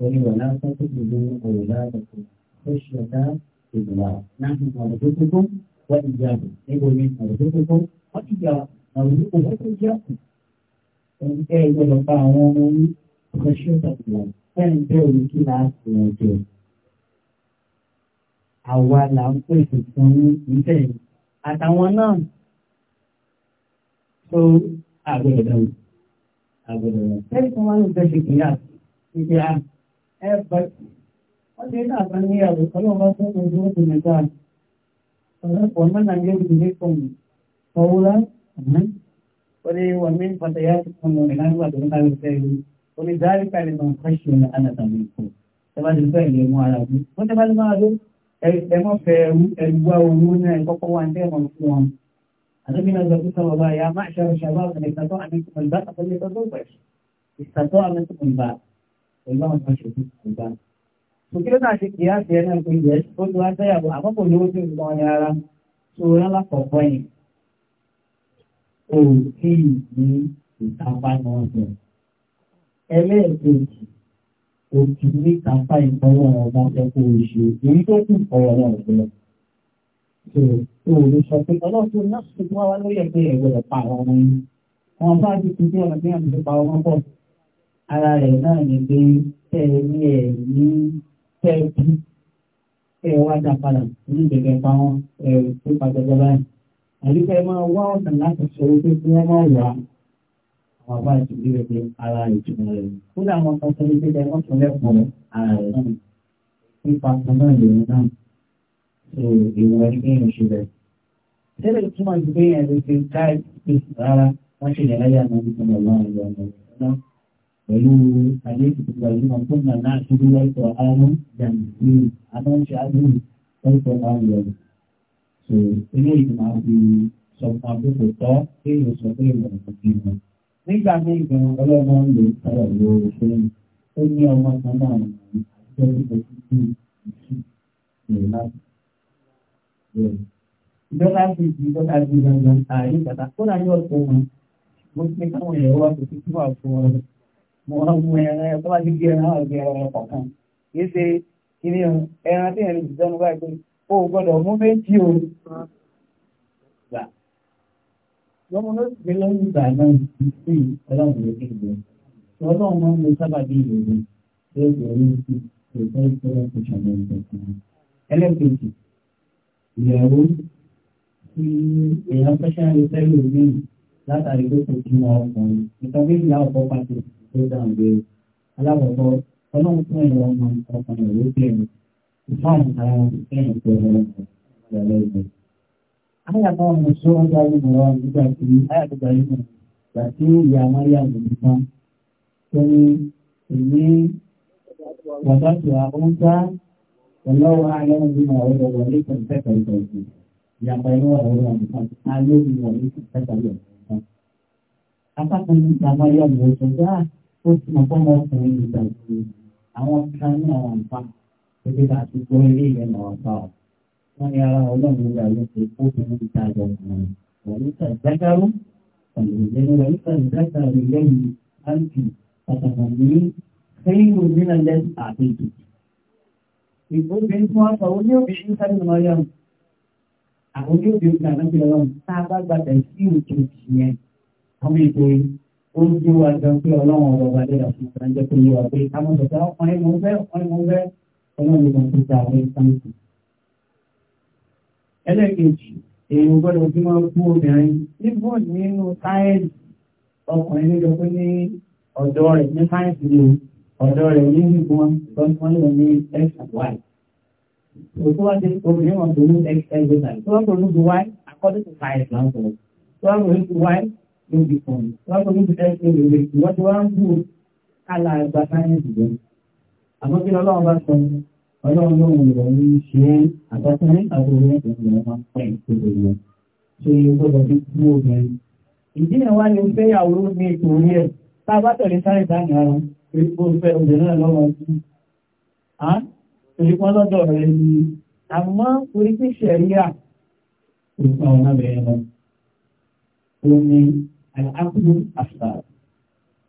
ولا تقتلوا أولادكم خشية إضلاع نحن نرزقكم وإياكم نقول من نرزقكم وإياكم نرزقكم وإياكم ẹni tẹ́ ẹ gbọ́dọ̀ bá àwọn ọmọ yín ọ̀ṣẹ́ ìtàkùnlá ẹni tẹ́ òní kí láàpù wọn jẹ. àwa là ń pèsè fún yín níbẹ̀ àtàwọn náà tó àgbẹ̀dọ̀ àgbẹ̀dọ̀ ẹ̀bẹ̀ wọ́n ti náà bá níyàwó kọlọ́wọ́ tó ń gbé ojú mẹ́ta ọ̀rọ̀pọ̀ mọ́nà yẹ́ ìdílé kan ọ̀wúrá ó ní wọ́n mi ń pàtàyà tó kàn mọ́ ìlànà tó ń kárí sẹ́yìn ó ní dárí kárí máa kọ́ṣù ní ànàtàmì kò tẹ́bá ti fẹ́ ìlú ẹ̀mú ara bí wọ́n tẹ́bá ti máa ló ẹ̀mọ́ fẹ́ ẹ̀rú wá owó náà kọ́kọ́ wá ń tẹ́ ẹ̀mọ́ fún wọn àtúbí náà sọ pé sọ bàbá yà máa ṣàròṣàbá ọ̀sẹ̀ ìsàtọ́ àmì kùmùlbá àtúbí sọ pẹ̀lú àwọn aṣọ tó kù dá. Òkìlọ́ náà ṣe kìí àti ẹ̀rọ ìpín ìjẹ́ ó ti wá sẹ́yàwó àkọ́kọ́ ni ó ti ń pọn ara tó rán lápapọ̀ yìí. Òkè ní ìtàpá ni wọ́n sọ. Ẹlẹ́ẹ̀kejì òkè ní ìtàpá ìtọ́wọ́ ọba ẹ̀kọ́ oṣù èyí tó kù ọ̀rọ̀ náà gbọ́dọ̀. Tó o lè sọ pé ọlọ́run náà ṣe fún wa lórí ẹgbẹ́ ẹ̀gbọ́dọ̀ pa àwọn ọmọ yìí. Wọ́n bá ti ti ara rẹ̀ náà ni pé tẹ́ ní ẹ̀ ní tẹ́ bí ẹ wá dá padà ní ìgbẹ̀gẹ̀ pa wọn ẹ̀ tó padà jọ báyìí. àbí ẹ máa wá ọ̀nà láti sọ wípé kí wọ́n máa wà àwọn àbá ìtìlú rẹ̀ ara ìtumọ̀ rẹ̀. kódà àwọn kan sọ wípé ẹ wọ́n tún lẹ́kọ̀ọ́ ara rẹ̀ náà nípa kan náà lòun náà so ìwọ ẹni kí èèyàn ṣe tẹ́lẹ̀ túmọ̀ sí pé ẹ̀rọ ti ká ìpèsè rárá wọ́n ṣèlérí àyà náà nípa ọ̀la ọ̀la ọ̀la pẹ̀lú ayé ìtìgbà yìí wọn fún nàá náà ṣubú lẹ́tọ̀ ààrùn dàmì sí àtúnṣe àdúrù lẹ́tọ̀ ààrùn rẹ̀. so eléyìí ni màá fi sọ fún akókò tọ́ kéèyàn sọ pé ìwọ̀n kò fi wọn. nígbà míì gan ọlọ́mọ ń lò sọ̀rọ̀ ló ṣe ń ó ní ọmọ kan náà ní àtijọ́ tó kọ sí sí ìṣú rẹ̀ láti. ìjọba ti di ìjọba ti gbọ̀ngàn ààyè kàtà kó náà yọ ọ̀pọ̀ wọn mo ti ní káwọn èèyàn wá kó mo máa ń mu ẹran tó bá ti di ẹran ọ̀gbìn ẹran kọ̀ọ̀kan kì í ṣe kiri ẹran tí ẹran ìjìjọ́ ní báyìí pé o gbọ́dọ̀ mú méjì o gbà lọ́mọ ló ti gbé lọ́yìn ìgbà náà sí ọlọ́run ló ti gbé ọlọ́run máa ń lo sábàbí ìròyìn tí ó gbé orí sí ìfẹ́ ìfẹ́ ìfẹ́ ìṣàlẹ̀ ìfẹ́ ẹlẹ́kẹ̀ẹ́kẹ̀ ìyàwó tí èèyàn fẹ́ ṣáà ń látàrí pé kò tún ọkùnrin ìtọ́jú ìyá ọ̀pọ̀ pàtó tó dàgbé alákọ̀ọ́kọ́ ọlọ́run fún ẹ̀rọ ọmọ ọkùnrin ìwé bẹ̀rẹ̀ ìfọ̀n ara ìfẹ́yìn tó rọrùn ìrọ̀lẹ́ ìgbẹ́. ayàtọ̀ ọmọ sọ ń darí mọ̀rọ̀ nígbà tí ayàtọ̀ darí mọ̀ gbà tí ìyá amáyà lò ní tán tó ní èmi wàtàtù àkóńtà ọlọ́wọ́ ayọ́rùn bí mọ̀ ọ̀rọ̀ wọlé pẹ̀lú pẹ̀lú pẹ̀lú ìyàpá inú ọ̀rọ̀ ọ̀rọ̀ nìkan ayé mi wọlé pẹ̀lú pẹ̀lú pẹ̀lú. apá kan ní amáyà lò ó sọ ó ti mọ̀ fọ́mọ ọkùnrin ìgbà ìgbà àwọn kan ní àwọn àǹfà gẹ́gẹ́ bá ti gbọ́ ilé náà bá ọ. wọ́n ara ọlọ́run ìgbà ló ṣe kó bí wọ́n ti ta àjọ ọkùnrin wọ́n ní sàgbágáró ọ̀nìyàn wọ́n ní sàgbágáró lẹ́yìn àǹtí pàtàkì ní sẹ́yìn òmìnira àbẹ̀jù. ìgbóbin fún ọkọ̀ oní òbíṣẹ́ sáré mọ́ríàm àwọn oní òbí ó ń bí wa jọ pé ọlọ́run ọ̀rọ̀ wa lẹ́yìn àti ìgbà ń jẹ́ pé yíwa pé ká mọ̀ sọ̀tà ọkùnrin mo fẹ́ ọkùnrin mo fẹ́ ọlọ́run kan tó ta àwọn ìsáǹtì. ẹlẹ́ẹ̀kejì èèyàn gbọ́dọ̀ bí wọ́n kú obìnrin níbò nínú sáyẹ́ǹsì ọkùnrin ló jọ pé ní ọ̀dọ́ rẹ̀ ní sáyẹ́ǹsì ni ọ̀dọ́ rẹ̀ ní ìgbọ́n ìgbọ́n lọ ní x níbi kan wọ́n tó níbi ẹgbẹ́ rere ìwọ́n ti wá ń bú àlà àgbà sáyẹ́ǹsì lọ. àmọ́ kí lọ́wọ́ bá sọ ọlọ́run lóhun ìrọ̀lẹ́ ṣe é àtọ́sán nípa tó rẹ̀ ẹ̀sìn rẹ̀ máa ń pẹ́ ìṣòro rẹ̀ ṣe é gbọ́dọ̀ bí kú obìnrin. ìdí ẹ̀ wá ni ó fẹ́yàwó ní ipò orí ẹ̀ tá a bá tẹ̀lé sáré dání ara epo fẹ́ obìnrin náà lọ́wọ́ sí. à torí pọ́n lọ́dọ̀ rẹ̀ ni àmọ́ orí tí ṣẹ̀ríà kò fún àwọn abẹ́rẹ́ lọ. ó ní àyàkúrú àṣà.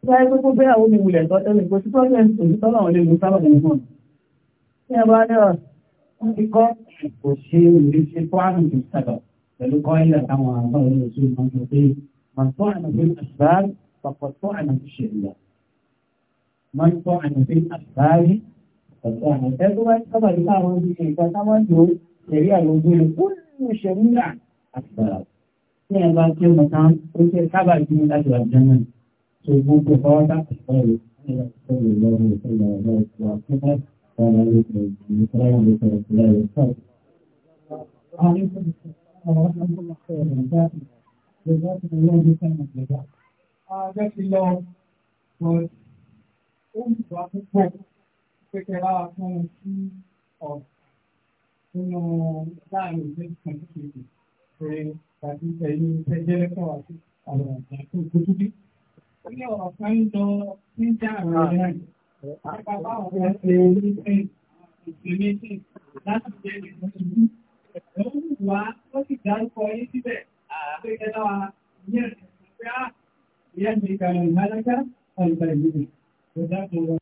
Láyé gbogbo bẹ́ẹ̀ àwọn oníwulẹ̀ tó tẹ́lẹ̀ gbogbo tí tọ́lẹ̀ ń tòjú tọ́lọ̀ wọn lè lu sábà ní fún. Ní ẹ bá dẹ́rọ̀, wọ́n ti kọ́ kò ṣe ìrísí tó àrùn tó sábà pẹ̀lú kọ́ ilẹ̀ táwọn àbá orí oṣù máa ń pè máa tó àná e, fún ní ẹ̀bá tí ó mọ̀ta ó ṣe sábà ní láti wà jẹ́ náà tó gbogbo ọwọ́ láti sọ̀rọ̀ Nínú láàrin ìgbésí kan tó ṣe pé tàbí ẹ̀yin tẹ́jẹ́ lẹ́kọ̀ọ́ àti àwọn ọ̀gá tó gbójú dé. ó ní ọ̀rọ̀ kan ń lọ ní dáàrú náà nípa báwọn ọ̀gá ṣe ní ìpínlẹ̀ láti jẹ́ ìgbọ́sùn. ó ń wá ó sì dárúkọ yín síbẹ̀ àbẹ́kẹ́ náà yẹn ìyá mi kàrọ̀ ìmálákà ọ̀gbà ìlú.